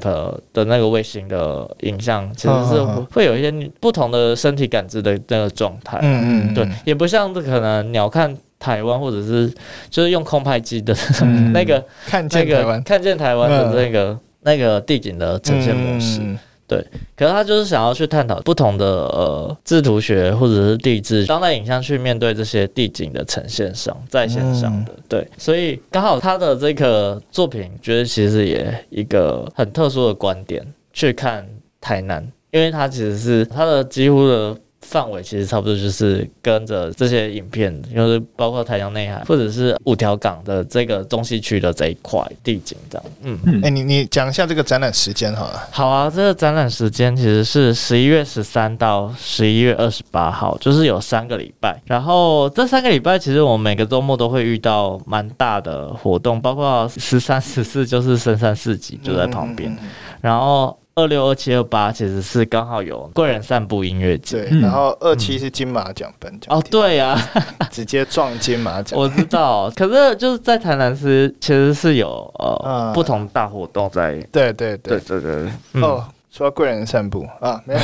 的那個衛星的影像，其實是會有一些不同的身體感知的那個狀態。嗯嗯，對，也不像可能鳥看台灣，或者是就是用空拍機的那個看見台灣、看見台灣、那個、的那個、嗯、那個地景的呈現模式。嗯對，可是他就是想要去探討不同的呃製圖學或者是地誌，當代影像去面對這些地景的呈現上，在線上的。的、嗯、對，所以剛好他的這個作品，覺得其實也一個很特殊的觀點去看台南，因為他其實是他的幾乎的。範圍其實差不多就是跟着這些影片，就是包括台江內海或者是五條港的這個中西區的這一塊地景，這樣。嗯，哎、欸，你你講一下這個展覽時間好了。好啊，這個展覽時間其實是十一月十三到十一月二十八號，就是有三個禮拜。然後這三個禮拜，其實我們每個周末都會遇到蠻大的活動，包括十三十四就是深山四季就在旁邊、嗯，然後。二六二七二八其實是剛好有貴人散步音樂節，對，嗯、然後二七是金馬獎頒獎哦，對呀、啊， [LAUGHS] 直接撞金馬獎，我知道。 [LAUGHS] 可是就是在台南市其實是有呃、嗯、不同大活動在，嗯、對對對對對對、嗯、哦，說了貴人散步啊，沒有，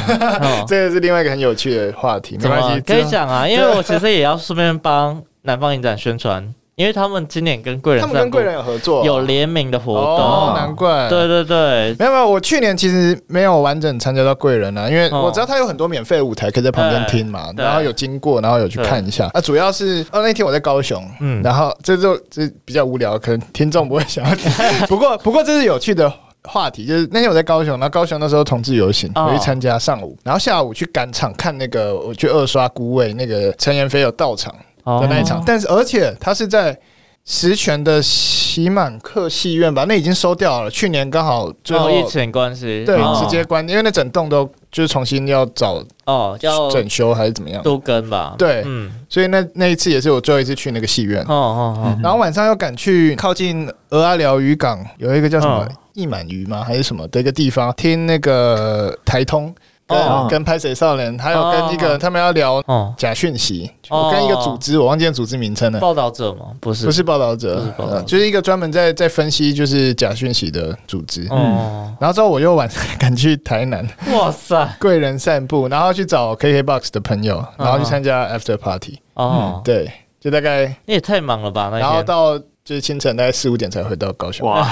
這個是另外一個很有趣的話題，哦、沒關係、啊、可以講啊，因為我其實也要順便幫南方影展宣傳。因為他們今年跟貴人，他們跟貴人有合作，哦，有聯名的活動，哦。哦，難怪，哦。對對對，沒有沒有，我去年其實沒有完整參加到貴人啊，因為我知道他有很多免費舞台可以在旁邊聽嘛，哦，然後有經過，然後有去看一下。對對啊，主要是哦，那天我在高雄，嗯，然後這就就比較無聊，可能聽眾不會想要聽。嗯，不過不過這是有趣的話題，就是那天我在高雄，然後高雄那時候同志遊行，我去參加上午，哦，然後下午去趕場看那個我去二刷孤味，那個陳姸霏有到場。Oh. 的那一場，但是而且他是在石泉的喜滿客戲院吧？那已經收掉了。去年剛好最後一次，oh, 疫情關係，oh. 對，直接關，因為那整棟都就是重新要找哦，要整修還是怎麼樣？都，oh, 跟吧，對，嗯，所以那那一次也是我最後一次去那個戲院。哦哦哦，然後晚上又趕去靠近鵝阿寮漁港，有一個叫什麼，oh. 一滿魚嗎？還是什麼的一個地方聽那個台通。跟跟《拍水少年》，還有跟一個他們要聊假訊息。我跟一個組織，我忘記的組織名稱了、哦哦哦。報道者嗎？不是，不是報道者，是道者呃、就是一個專門在在分析就是假訊息的組織。嗯、然後之後我又晚上趕去台南。哇塞，貴人散步，然後去找 K K Box 的朋友，然後去參加 After Party。哦，對，就大概你也太忙了吧那？然後到就是清晨大概四五點才回到高雄。哇。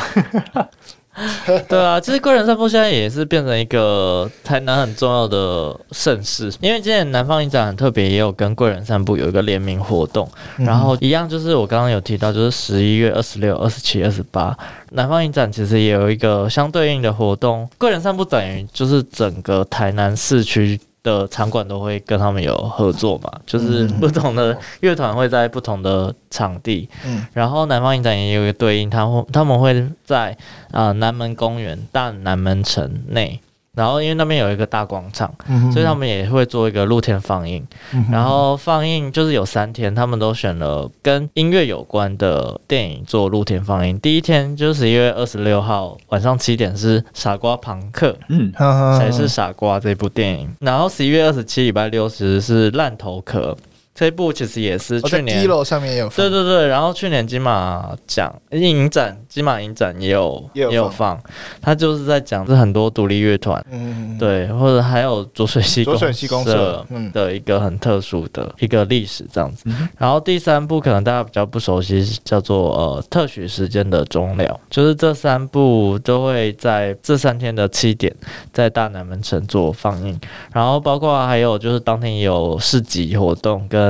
[LAUGHS] [LAUGHS] 對啊，其實貴人散步現在也是變成一個台南很重要的盛事，因為今年南方影展很特別，也有跟貴人散步有一個聯名活動，然後一樣就是我剛剛有提到，就是十一月二十六、二十七、二十八，南方影展其實也有一個相對應的活動，貴人散步等於就是整個台南市區。的場館都會跟他們有合作嘛，就是不同的樂團會在不同的場地，嗯嗯、然後南方影展也有一個對應，他們他們會在啊、呃、南門公園但南門城內。然後因為那邊有一個大廣場，嗯哼哼，所以他們也會做一個露天放映。嗯、哼哼，然後放映就是有三天，他們都選了跟音樂有關的電影做露天放映。第一天就是十一月二十六號晚上七點是《傻瓜朋克》，嗯好好好，才是傻瓜這部電影。然後十一月二十七禮拜六是是爛頭殼。這一部其實也是去年，一樓上面也有放，對對對，然後去年金馬獎影展，金馬影展也有也有放，它就是在講這很多獨立樂團，嗯，對，或者還有濁水溪濁水溪公社的一個很特殊的一個歷史這樣子。然後第三部可能大家比較不熟悉，叫做呃特許時間的終了。就是這三部都會在這三天的七點在大南門城做放映，然後包括還有就是當天有市集活動跟。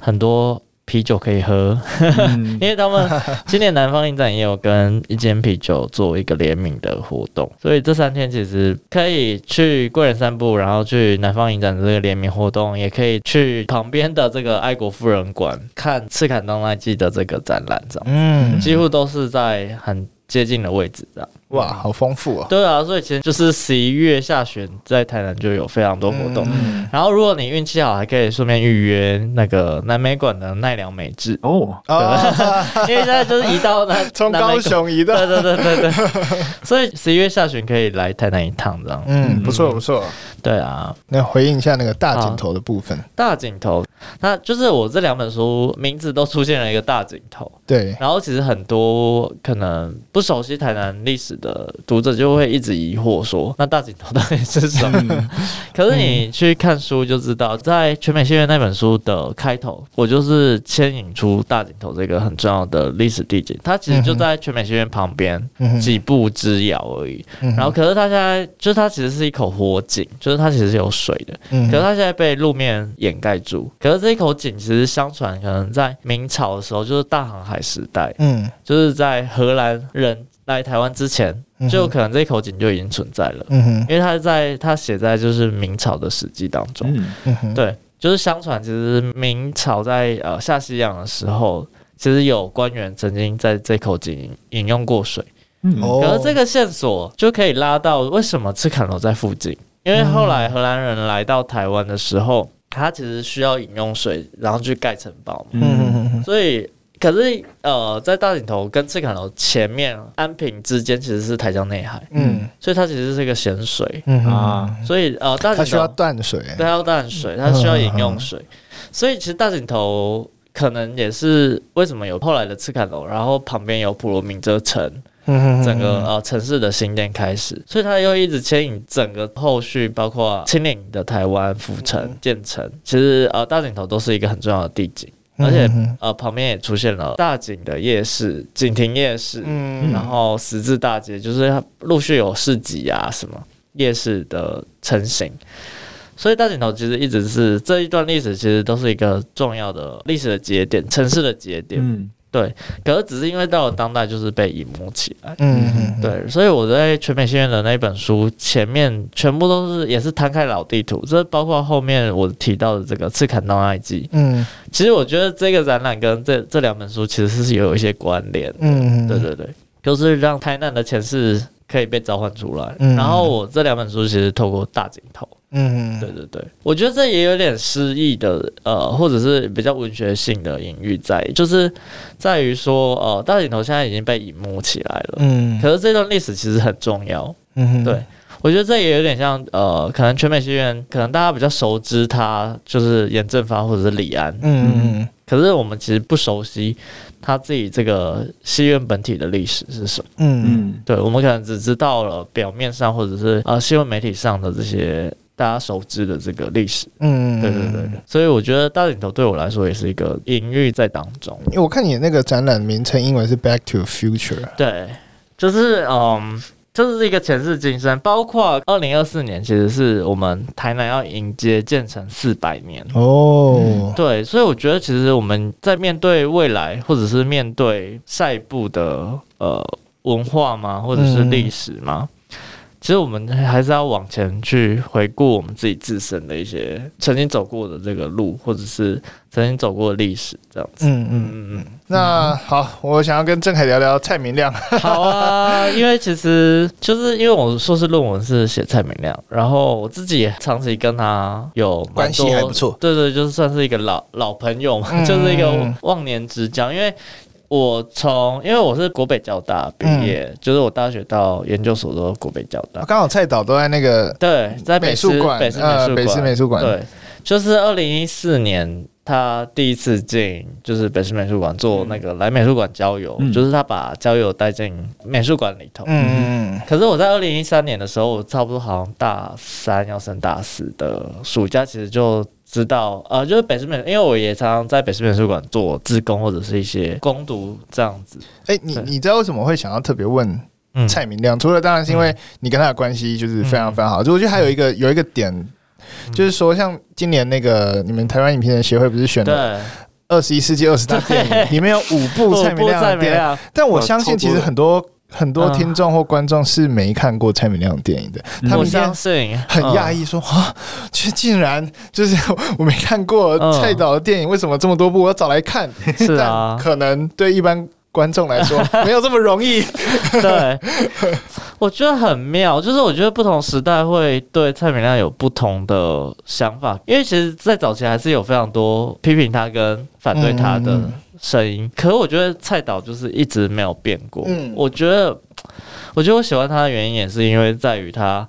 很多啤酒可以喝，嗯， [LAUGHS] 因為他們今年南方影展也有跟一間啤酒做一個聯名的活動，所以這三天其實可以去貴人散步，然後去南方影展的這個聯名活動，也可以去旁邊的這個愛國婦人館看赤崁當代記的這個展覽，這樣，嗯，幾乎都是在很接近的位置這樣。哇，好豐富啊！哦，對啊，所以其實就是十一月下旬在台南就有非常多活動。嗯、然後如果你運氣好，還可以順便預約那個南美館的奈良美智哦。對、啊，因為現在就是移到南，從高雄移到對對對對對， [LAUGHS] 所以十一月下旬可以來台南一趟這樣。嗯，不錯不錯。對啊，那回應一下那個大井頭的部分。啊、大井頭，那就是我這兩本書名字都出現了一個大井頭。對，然後其實很多可能不熟悉台南歷史的，的讀者就會一直疑惑說：“那大井頭到底是什麼、嗯？”可是你去看書就知道，在全美戲院那本書的開頭，我就是牽引出大井頭這個很重要的歷史地景。它其實就在全美戲院旁邊幾步之遙而已。然後，可是它現在就它其實是一口活井，就是它其實是有水的。可是它現在被路面掩蓋住。可是這一口井，其實相傳可能在明朝的時候，就是大航海時代，嗯，就是在荷蘭人，來台灣之前，就可能這一口井就已經存在了。嗯、因為他在他寫在就是明朝的史記當中、嗯嗯。對，就是相傳其實明朝在呃下西洋的時候，嗯、其實有官員曾經在這口井飲用過水、嗯。可是這個線索就可以拉到為什麼赤崁樓在附近，因為後來荷蘭人來到台灣的時候、嗯，他其實需要飲用水，然後去蓋城堡嘛、嗯、所以。可是，呃，在大井頭跟赤崁樓前面，安平之間其實是台江內海，嗯，所以它其實是一個鹹水，嗯啊，所以呃大井頭，它需要淡水，需要淡水、嗯，它需要飲用水、嗯，所以其實大井頭可能也是為什麼有後來的赤崁樓，然後旁邊有普羅民遮城、嗯哼，整個呃城市的新店開始，所以它又一直牽引整個後續，包括清領的台灣府城建城、嗯，其實呃大井頭都是一個很重要的地景。而且呃，旁邊也出現了大井的夜市、井亭夜市，嗯，然後十字大街，就是陸續有市集啊什麼夜市的成型。所以大井頭其實一直是這一段歷史，其實都是一個重要的歷史的節點、城市的節點。嗯。對，可是只是因為到了當代，就是被隱沒起來。嗯哼哼，對，所以我在全美戲院的那本書前面全部都是也是攤開老地圖，這是包括後面我提到的這個《赤崁當代記》。嗯，其實我覺得這個展覽跟這這兩本書其實是有一些關聯的。嗯哼哼，對對對，就是讓台南的前世。可以被召喚出來，嗯，然後我這兩本書其實透過大井頭。嗯，對對對，我覺得這也有點詩意的，呃，或者是比較文學性的隱喻在，就是在於說，呃，大井頭現在已經被隱沒起來了，嗯，可是這段歷史其實很重要，嗯，對，我覺得這也有點像，呃，可能全美戲院，可能大家比較熟知他就是顏振發或者是李安，嗯嗯。可是我們其實不熟悉他自己這個戲院本體的歷史是什麼。嗯，對，我們可能只知道了表面上或者是啊、呃、新聞媒體上的這些大家熟知的這個歷史。嗯，對對對。所以我覺得大井頭對我來說也是一個隱喻在當中。因為我看你那個展覽名稱英文是 Back to Future。對，就是，um, 嗯。這、就是一個前世今生，包括二零二四年，其實是我們台南要迎接建成四百年哦、oh. 嗯。對，所以我覺得其實我們在面對未來，或者是面對賽步的呃文化嘛？或者是歷史嘛？Oh. 嗯。其實我們還是要往前去回顧我們自己自身的一些曾經走過的這個路，或者是曾經走過的歷史這樣子。嗯嗯嗯嗯。那嗯好，我想要跟振愷聊聊蔡明亮。好啊， [LAUGHS] 因為其實就是因為我碩士論文是寫蔡明亮，然後我自己也長期跟他有關係還不錯。對，對對，就是算是一個老老朋友嘛、嗯，就是一個忘年之交，因為，我從，因為我是國北教大畢業、嗯，就是我大學到研究所都是國北教大。剛、啊、好蔡導都在那個對，在、呃、美術館，北師美術館。對，就是二零一四年他第一次進，就是北師美術館做那個來美術館郊遊，就是他把郊遊帶進美術館裡頭嗯。嗯，可是我在二零一三年的時候，我差不多好像大三要升大四的暑假，其實就。知道，呃，就是北市美，因為我也常常在北市美術館做志工或者是一些工讀，這樣子。誒、欸，你你知道為什麼會想要特別問蔡明亮、嗯？除了當然是因為你跟他的關係就是非常非常好，就我覺得還有一個、嗯、有一個點、嗯，就是說，像今年那個你們台灣影評人協會不是選了二十一世紀二十大電影，裡面有五部蔡明亮的電影，但我相信其實很多。很多聽眾或觀眾是沒看過蔡明亮的電影的，嗯、他們很訝異說啊，卻、嗯、竟然就是我沒看過蔡導的電影、嗯，為什麼這麼多部我要找來看？是、嗯、啊， [LAUGHS] 可能對一般觀眾來說沒有這麼容易、嗯。 [LAUGHS] 對， [LAUGHS] 我覺得很妙，就是我覺得不同時代會對蔡明亮有不同的想法，因為其實，在早期還是有非常多批評他跟反對他的、嗯。嗯聲音，可我覺得蔡導就是一直沒有變過。嗯，我覺得，我覺得我喜歡他的原因也是因為在於他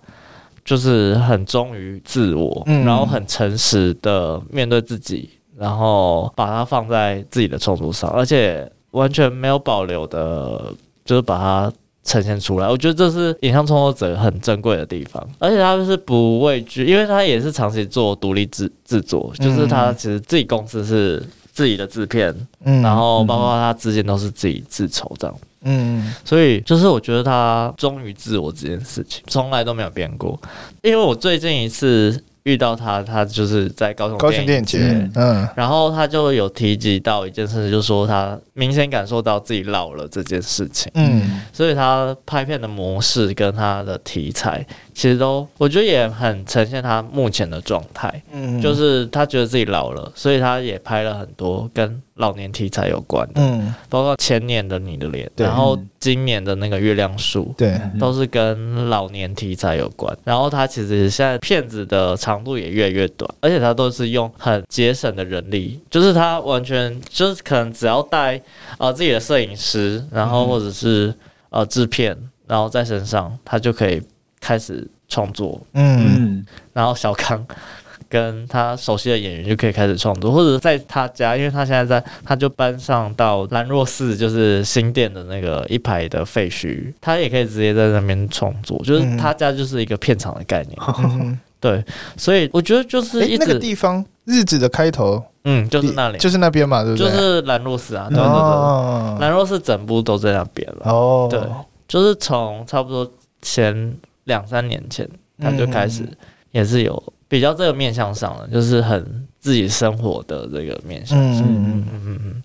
就是很忠於自我、嗯，然後很誠實的面對自己，然後把它放在自己的創作上，而且完全沒有保留的，就是把它呈現出來。我覺得這是影像創作者很珍貴的地方，而且他是不畏懼，因為他也是長期做獨立製製作，就是他其實自己公司是。自己的製片，嗯，然後包括他之前都是自己自籌這樣，嗯，所以就是我覺得他忠於自我這件事情從來都沒有變過。因為我最近一次遇到他，他就是在高中高雄高雄電影節，嗯，然後他就有提及到一件事情，就是說他明顯感受到自己老了這件事情，嗯，所以他拍片的模式跟他的題材。其實都，我覺得也很呈現他目前的狀態，嗯，就是他覺得自己老了，所以他也拍了很多跟老年題材有關的，嗯，包括前年的《你的臉》，然後今年的那個月亮樹，對，都是跟老年題材有關。然後他其實現在片子的長度也越來越短，而且他都是用很節省的人力，就是他完全就是可能只要帶呃自己的攝影師，然後或者是呃制片，然後在身上，他就可以開始創作，嗯，嗯，然後小康跟他熟悉的演員就可以開始創作，或者在他家，因為他現在在，他就搬上到蘭若寺，就是新店的那個一排的廢墟，他也可以直接在那邊創作，就是他家就是一個片場的概念，嗯嗯。對，所以我覺得就是，欸，那個地方，日子的開頭，嗯，就是那裡，裡就是那邊嘛，對不對？啊？就是蘭若寺啊，對對對，蘭、哦、若寺整部都在那邊了。哦，對，就是從差不多前。兩三年前，他就開始也是有比較這個面向上的，就是很自己生活的這個面向。嗯嗯嗯嗯嗯。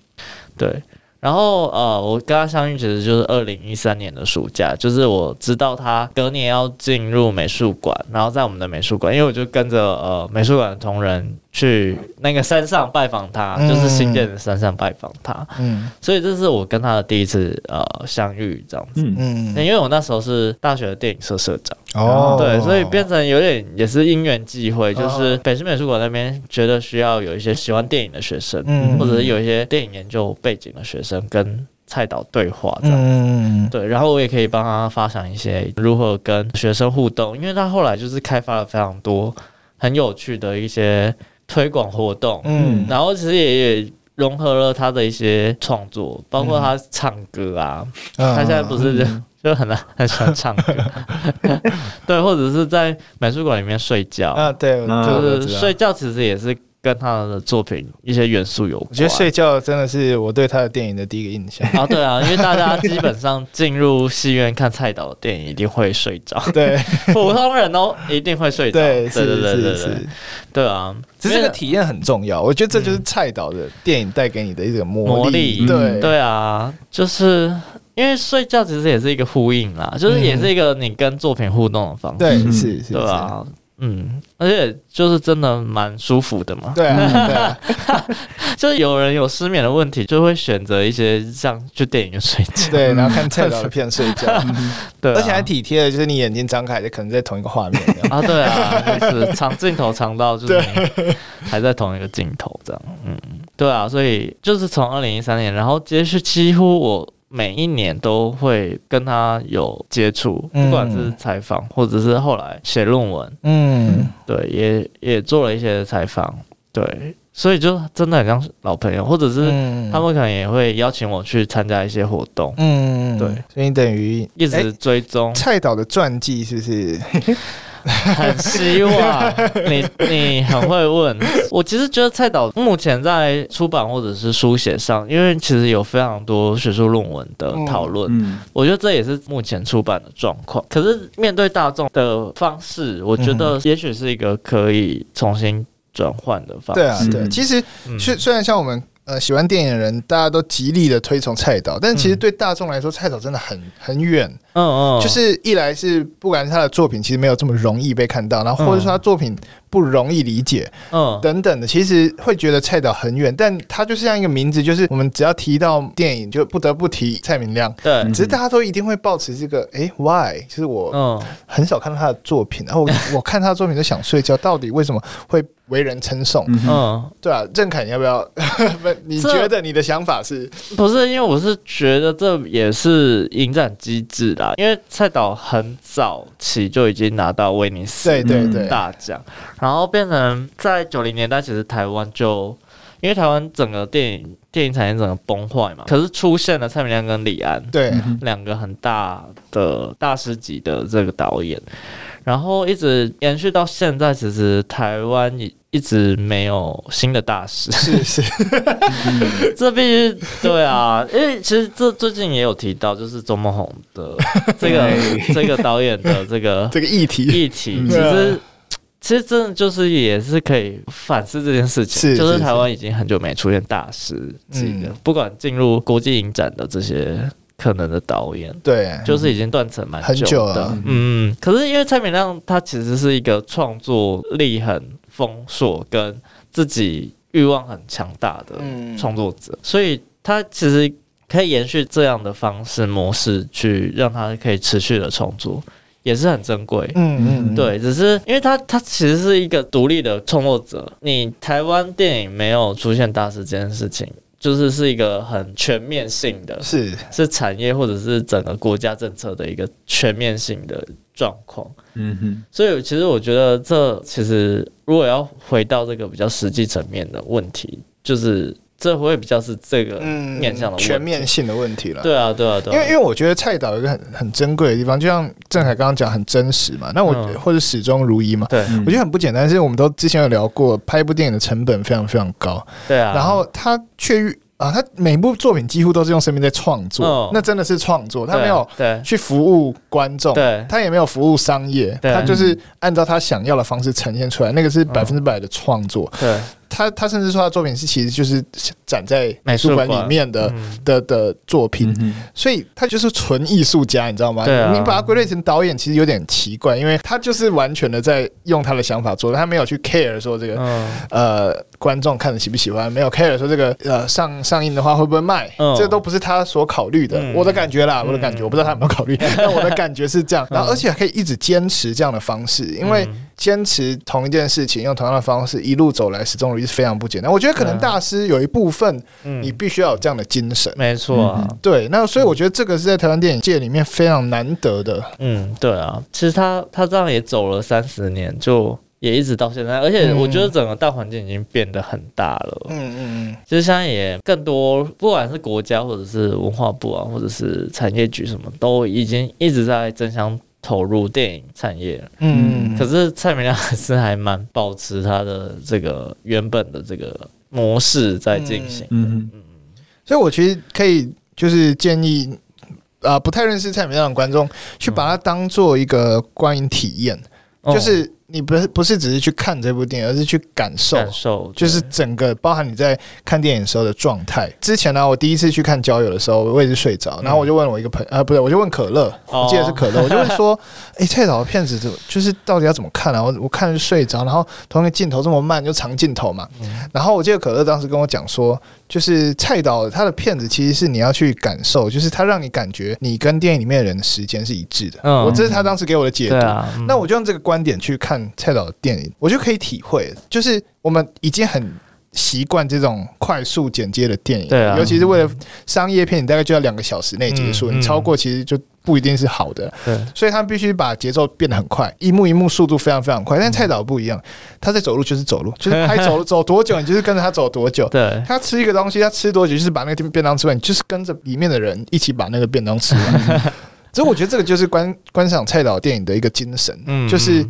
對，然後呃，我跟他相遇其實就是二零一三年的暑假，就是我知道他隔年要進入美術館，然後在我們的美術館，因為我就跟着呃美術館的同仁。去那個山上拜訪他，嗯，就是新店的山上拜訪他。嗯，所以這是我跟他的第一次呃相遇，這樣子。嗯嗯。因為我那時候是大學的電影社社長。哦。對，所以變成有點也是因緣際會，就是北師美術館那邊覺得需要有一些喜歡電影的學生，嗯、或者是有一些電影研究背景的學生跟蔡導對話這樣子。嗯嗯對，然後我也可以幫他發想一些如何跟學生互動，因為他後來就是開發了非常多很有趣的一些，推廣活動，嗯，然後其實也也融合了他的一些創作，包括他唱歌啊，嗯、他現在不是就，嗯、就很很喜歡唱歌，嗯、 [LAUGHS] [LAUGHS] 對，或者是在美術館裡面睡覺、啊、對、就是睡覺其實也是。跟他的作品一些元素有關，我覺得睡覺真的是我對他的電影的第一個印象啊，對啊，因為大家基本上進入戲院看蔡導的電影一定會睡着， [LAUGHS] 對，普通人哦一定會睡着，對，對對對對，對是是是，對啊，其實這個體驗很重要，我覺得這就是蔡導的電影帶給你的一種魔，魔力，對、嗯、對啊，就是因為睡覺其實也是一個呼應啦，就是也是一個你跟作品互動的方式，對是，是，是，是，對啊。嗯，而且就是真的蠻舒服的嘛。對、啊， [LAUGHS] 嗯對啊、 [LAUGHS] 就是有人有失眠的問題，就會選擇一些像去電影院睡覺，對，然後看蔡導的片睡覺。 [LAUGHS] 對、啊，而且還體貼的，就是你眼睛張開就可能在同一個畫面。啊，對，啊， [LAUGHS] 是長鏡頭長到就是還在同一個鏡頭這樣。嗯，對啊，所以就是從二零一三年，然後接續幾乎我。每一年都會跟他有接觸，不管是採訪，或者是後來寫論文，嗯，嗯，對，也也做了一些採訪，對，所以就真的很像老朋友，或者是他們可能也會邀請我去參加一些活動，嗯，對，所以等於一直追蹤蔡導的傳記，是不是？ [LAUGHS] [LAUGHS] 很希望你，你很會問。我其實覺得蔡導目前在出版或者是書寫上，因為其實有非常多學術論文的討論，我覺得這也是目前出版的狀況。可是面對大眾的方式，我覺得也許是一個可以重新轉換的方式。哦，嗯，的方式嗯。對啊，對，其實雖雖然像我們呃喜歡電影的人，大家都極力的推崇蔡導，但其實對大眾來說，蔡導真的很很遠。嗯嗯，就是一來是不管是他的作品其實沒有這麼容易被看到，然後或者說他作品不容易理解，嗯、oh, oh, 等等的，其實會覺得蔡導很遠，但他就是像一個名字，就是我們只要提到電影就不得不提蔡明亮，對，其實大家都一定會抱持這個，哎、欸，why？其實我嗯很少看到他的作品，然後我看他的作品就想睡覺， [LAUGHS] 到底為什麼會為人稱頌？嗯，對啊，振愷，你要不要？ [LAUGHS] 你覺得你的想法是不是因為我是覺得這也是影展機制的。因為蔡導很早期就已經拿到威尼斯對對對、嗯、大獎，然後變成在九零年代，其實台灣就因為台灣整個電影電影產業整個崩壞嘛，可是出現了蔡明亮跟李安，對，兩個很大的大師級的這個導演，然後一直延續到現在，其實台灣已。一直沒有新的大師，是是， [LAUGHS] 嗯、這必須，對啊，因為其實這最近也有提到，就是周夢紅的這個這個導演的這個這個議題議題，其實其實真的就是也是可以反思這件事情，就是台灣已經很久沒出現大師級的，不管進入國際影展的這些可能的導演，對，就是已經斷層蠻久的，嗯，可是因為蔡明亮他其實是一個創作力很。封鎖跟自己欲望很強大的創作者，所以他其實可以延續這樣的方式模式，去讓他可以持續的創作，也是很珍貴。嗯嗯，嗯，嗯、對，只是因為他他其實是一個獨立的創作者，你台灣電影沒有出現大師這件事情，就是是一個很全面性的，是是產業或者是整個國家政策的一個全面性的。狀況，嗯哼，所以其實我覺得這其實如果要回到這個比較實際層面的問題，就是這會比較是這個面向的問題，嗯、全面性的問題了。對啊，對啊，對啊。因為因為我覺得蔡導有一個很很珍貴的地方，就像振愷剛剛講很真實嘛，那我、嗯、或者始終如一嘛，對、嗯，我覺得很不簡單。是我們都之前有聊過，拍一部電影的成本非常非常高，對啊，然後他卻。啊，他每部作品幾乎都是用生命在創作。哦，那真的是創作，他沒有去服務觀眾，他也沒有服務商業，他就是按照他想要的方式呈現出來，那個是百分之百的創作。哦他他甚至說，他作品是其實就是展在美術館裡面的的的作品，所以他就是純藝術家，你知道嗎？你把他歸類成導演，其實有點奇怪，因為他就是完全的在用他的想法做，他沒有去 care 說這個呃觀眾看的喜不喜歡，沒有 care 說這個呃上上，上映的話會不會賣，這都不是他所考慮的。我的感覺啦，我的感覺，我不知道他有沒有考慮，但我的感覺是這樣。然後而且還可以一直堅持這樣的方式，因為。堅持同一件事情，用同樣的方式一路走來，始終如一是非常不簡單。我覺得可能大師有一部分，嗯，你必須要有這樣的精神，嗯、沒錯啊，對，那所以我覺得這個是在台灣電影界裡面非常難得的。嗯，對啊，其實他他這樣也走了三十年，就也一直到現在，而且我覺得整個大環境已經變得很大了。嗯嗯嗯，其實現在也更多，不管是國家或者是文化部啊，或者是產業局什麼，都已經一直在爭相。投入電影產業，嗯，可是蔡明亮還是還蠻保持他的這個原本的這個模式在進行，嗯，嗯嗯嗯，所以，我其實可以就是建議，啊、呃，不太認識蔡明亮的觀眾，去把它當做一個觀影體驗、嗯，就是。你不是不是只是去看這部電影，而是去感受，感受就是整個包含你在看電影時候的狀態。之前呢、啊，我第一次去看《郊遊》的時候，我也是睡着，嗯、然後我就問我一個朋友，呃、啊，不對，我就問可樂、哦，我記得是可樂，我就問說，哎、 [LAUGHS] 欸，蔡導的片子怎麼，就是到底要怎麼看啊？我我看就睡着，然後同一個鏡頭這麼慢，就長鏡頭嘛。嗯、然後我記得可樂當時跟我講說，就是蔡導他的片子其實是你要去感受，就是他讓你感覺你跟電影裡面的人的時間是一致的、嗯。我這是他當時給我的解讀。嗯啊嗯、那我就用這個觀點去看。看蔡導的電影，我就可以體會，就是我們已經很習慣這種快速剪接的電影，對、啊、尤其是為了商業片，嗯、你大概就要兩個小時內結束、嗯，你超過其實就不一定是好的，對，所以他必須把節奏變得很快，一幕一幕速度非常非常快。但蔡導不一樣、嗯，他在走路就是走路，就是他走路 [LAUGHS] 走多久，你就是跟着他走多久。 [LAUGHS] 對，他吃一個東西，他吃多久，就是把那個便當吃完，你就是跟着裡面的人一起把那個便當吃完。所 [LAUGHS] 以我覺得這個就是觀觀賞蔡導電影的一個精神，嗯、就是。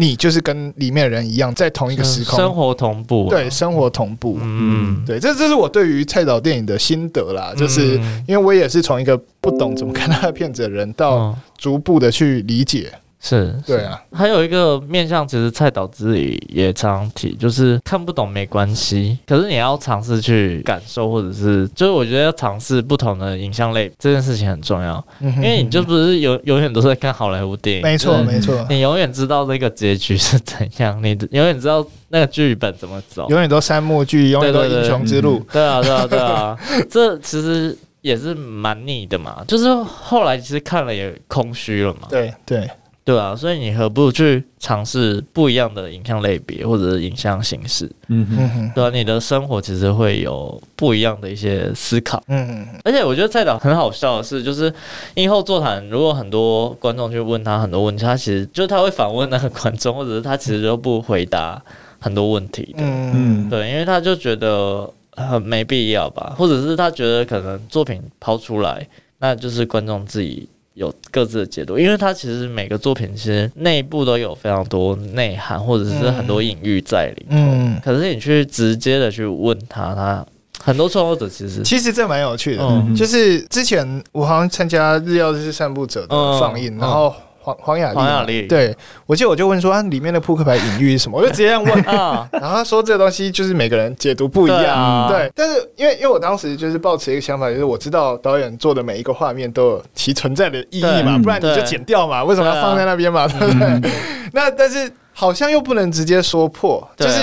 你就是跟裡面人一樣，在同一個時空生活同步，對、哦、生活同步，嗯，對，這這是我對於蔡導電影的心得啦，就是因為我也是從一個不懂怎麼看他的片子的人，到逐步的去理解。嗯是，對啊，還有一個面向，其實蔡導自己也常、常提，就是看不懂沒關係，可是你要嘗試去感受，或者是就是我覺得要嘗試不同的影像類，這件事情很重要，嗯、哼哼，因為你就不是永永遠都是在看好萊塢電影，沒錯沒錯，你永遠知道那個結局是怎樣，你永遠知道那個劇本怎麼走，永遠都三幕劇，對對對，永遠都英雄之路，對啊對啊對啊，對啊對啊 [LAUGHS] 這其實也是蠻膩的嘛，就是後來其實看了也空虛了嘛，對對。對啊，所以你何不去嘗試不一樣的影像類別或者是影像形式？嗯嗯嗯。對啊，你的生活其實會有不一樣的一些思考。嗯嗯，而且我覺得蔡導很好笑的是，就是以後座談，如果很多觀眾去問他很多問題，他其實就他會反問那個觀眾，或者是他其實就不回答很多問題的。嗯嗯，對，因為他就覺得很沒必要吧，或者是他覺得可能作品拋出來，那就是觀眾自己。有各自的解讀，因為他其實每個作品其實內部都有非常多內涵，或者是很多隱喻在裡頭，嗯，嗯，可是你去直接的去問他，他很多創作者其實其實這蠻有趣的，嗯，就是之前我好像參加《日曜日散步者》的放映，嗯，然後。黃黃亞歷，黃亞歷，對，我記得我就問說，啊，裡面的撲克牌隱喻是什麼？ [LAUGHS] 我就直接這樣問， [LAUGHS] 然後他說，這個東西就是每個人解讀不一樣，對、啊對，但是因為因為我當時就是抱持一個想法，就是我知道導演做的每一個畫面都有其存在的意義嘛，不然你就剪掉嘛，為什麼要放在那邊嘛？對、對、對、嗯、對 [LAUGHS] 那但是好像又不能直接說破，就是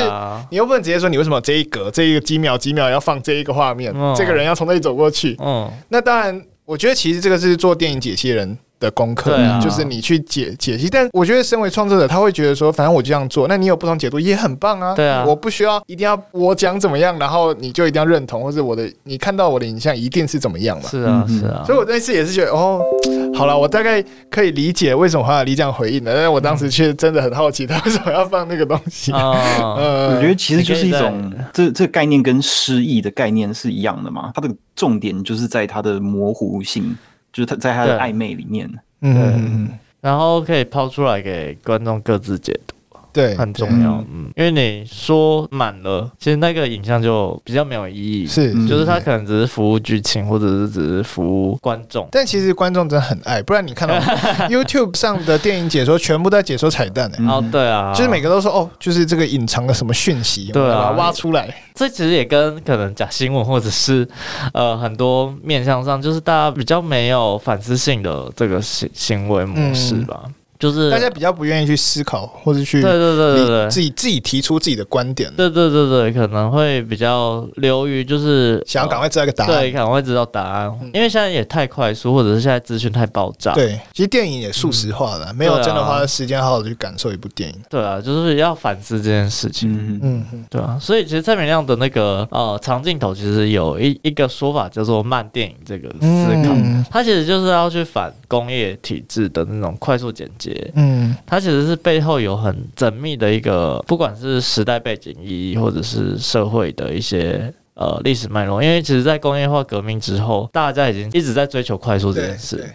你又不能直接說你為什麼這一格這一個幾秒幾秒要放這一個畫面、嗯，這個人要從那裡走過去，嗯，那當然我覺得其實這個是做電影解析人。的功課、啊、就是你去解解析，但我覺得身為創作者，他會覺得說，反正我就這樣做，那你有不同解讀也很棒啊。對啊，我不需要一定要我講怎麼樣，然後你就一定要認同，或是我的你看到我的影像一定是怎麼樣嘛？是啊，是啊。所以我那次也是覺得，哦，好了，我大概可以理解為什麼雅里這樣回應了，但我當時卻真的很好奇他為什麼要放那個東西。嗯 [LAUGHS] 嗯、我覺得其實就是一種這這個概念跟詩意的概念是一樣的嘛，它的重點就是在它的模糊性。就是他在他的曖昧裡面，對嗯，然後可以拋出來給觀眾各自解讀。對，很重要。嗯，因為你說滿了，其實那個影像，就比較沒有意義。是，就是它可能只是服務劇情、嗯，或者是只是服務觀眾。但其實觀眾真的很愛，不然你看到 YouTube 上的電影解說全部都在解說彩蛋的、嗯。哦，對啊，就是每個都說哦，就是這個隱藏了什麼訊息，對啊，挖出來。這其實也跟可能假新聞或者是呃很多面向上，就是大家比較沒有反思性的這個行行為模式吧。嗯就是大家比較不願意去思考，或是去對對對對，對自己自己提出自己的觀點。對對對對，可能會比較流於就是想要趕快知道一個答案，對，趕快知道答案，嗯。因為現在也太快速，或者是現在資訊太爆炸。對，其實電影也數字化了，嗯、沒有真的花、嗯啊、時間好好的去感受一部電影。對啊，就是要反思這件事情。嗯嗯嗯，對啊。所以其實蔡明亮的那個呃長鏡頭，其實有一一個說法叫做慢電影，這個思考，他、嗯嗯、其實就是要去反工業體制的那種快速剪輯。嗯，它其實是背後，有很縝密的一個，不管是時代背景意義，或者是社會的一些呃歷史脈絡。因為其實，在工業化革命之後，大家已經一直在追求快速這件事，對，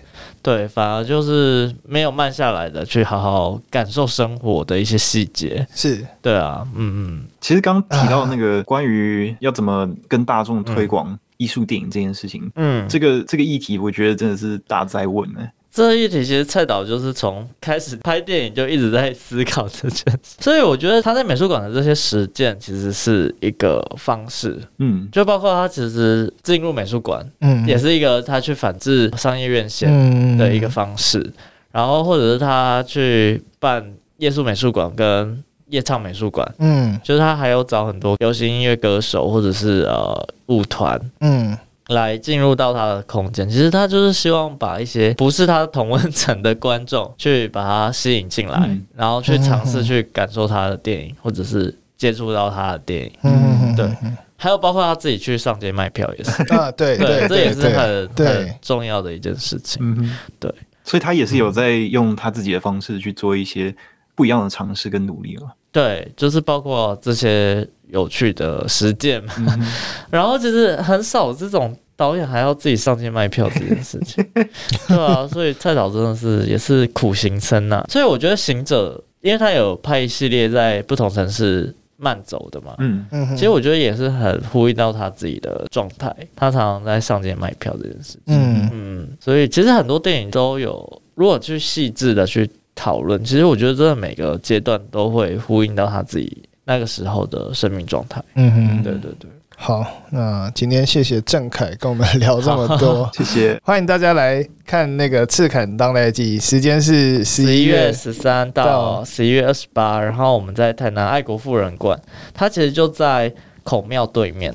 對對，反而就是沒有慢下來的去好好，好感受生活的一些細節。是，對啊，嗯嗯。其實剛提到那個關於要怎麼跟大眾推廣藝術電影這件事情，嗯，這個這個議題，我覺得真的是大哉問呢、欸。這一題其實蔡導就是從開始拍電影就一直在思考這件事，所以我覺得他在美術館的這些實踐其實是一個方式，嗯，就包括他其實進入美術館，嗯，也是一個他去反制商業院線的一個方式，然後或者是他去辦夜宿美術館跟夜唱美術館，嗯，就是他還有找很多流行音樂歌手或者是呃舞團，嗯，嗯。來進入到他的空間，其實他就是希望把一些不是他同溫層的觀眾去把他吸引進來，嗯，然後去嘗試去感受他的電影，嗯，或者是接觸到他的電影。嗯，對，嗯，還有包括他自己去上街賣票也是啊，對 [LAUGHS] 對，這也是很很，很重要的一件事情。嗯，對，所以他也是有在用他自己的方式去做一些不一樣的嘗試跟努力嘛。對，就是包括這些有趣的實踐嘛、嗯，然後其實很少這種導演還要自己上街賣票這件事情， [LAUGHS] 對啊，所以蔡導真的是也是苦行僧吶、啊。所以我覺得行者，因為他有拍一系列在不同城市慢走的嘛，嗯嗯，其實我覺得也是很呼應到他自己的狀態，他常常在上街賣票這件事情，嗯嗯，所以其實很多電影都有，如果去細緻的去。討論，其實我覺得真的每個階段都會呼應到他自己那個時候的生命狀態。嗯哼，對對對。好，那今天謝謝振愷跟我們聊這麼多，謝謝。歡迎大家來看那個赤崁當代記憶，時間是十一月十三到十一月二十八，然後我們在台南愛國婦人館，它其實就在孔廟對面。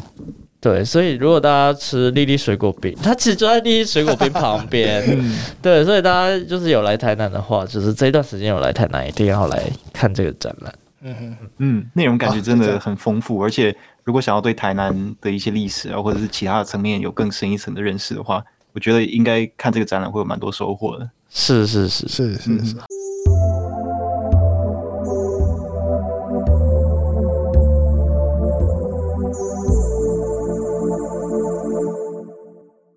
對，所以如果大家吃莉莉水果餅，它其實就在莉莉水果餅旁邊、 [LAUGHS] 嗯。對，所以大家就是有來台南的話，就是這段時間有來台南，一定要來看這個展覽。嗯嗯嗯，內容感覺真的很豐富，啊，而且如果想要對台南的一些歷史啊，或者是其他的層面有更深一層的認識的話，我覺得應該看這個展覽會有蠻多收穫的。是是是，嗯，是，是是是。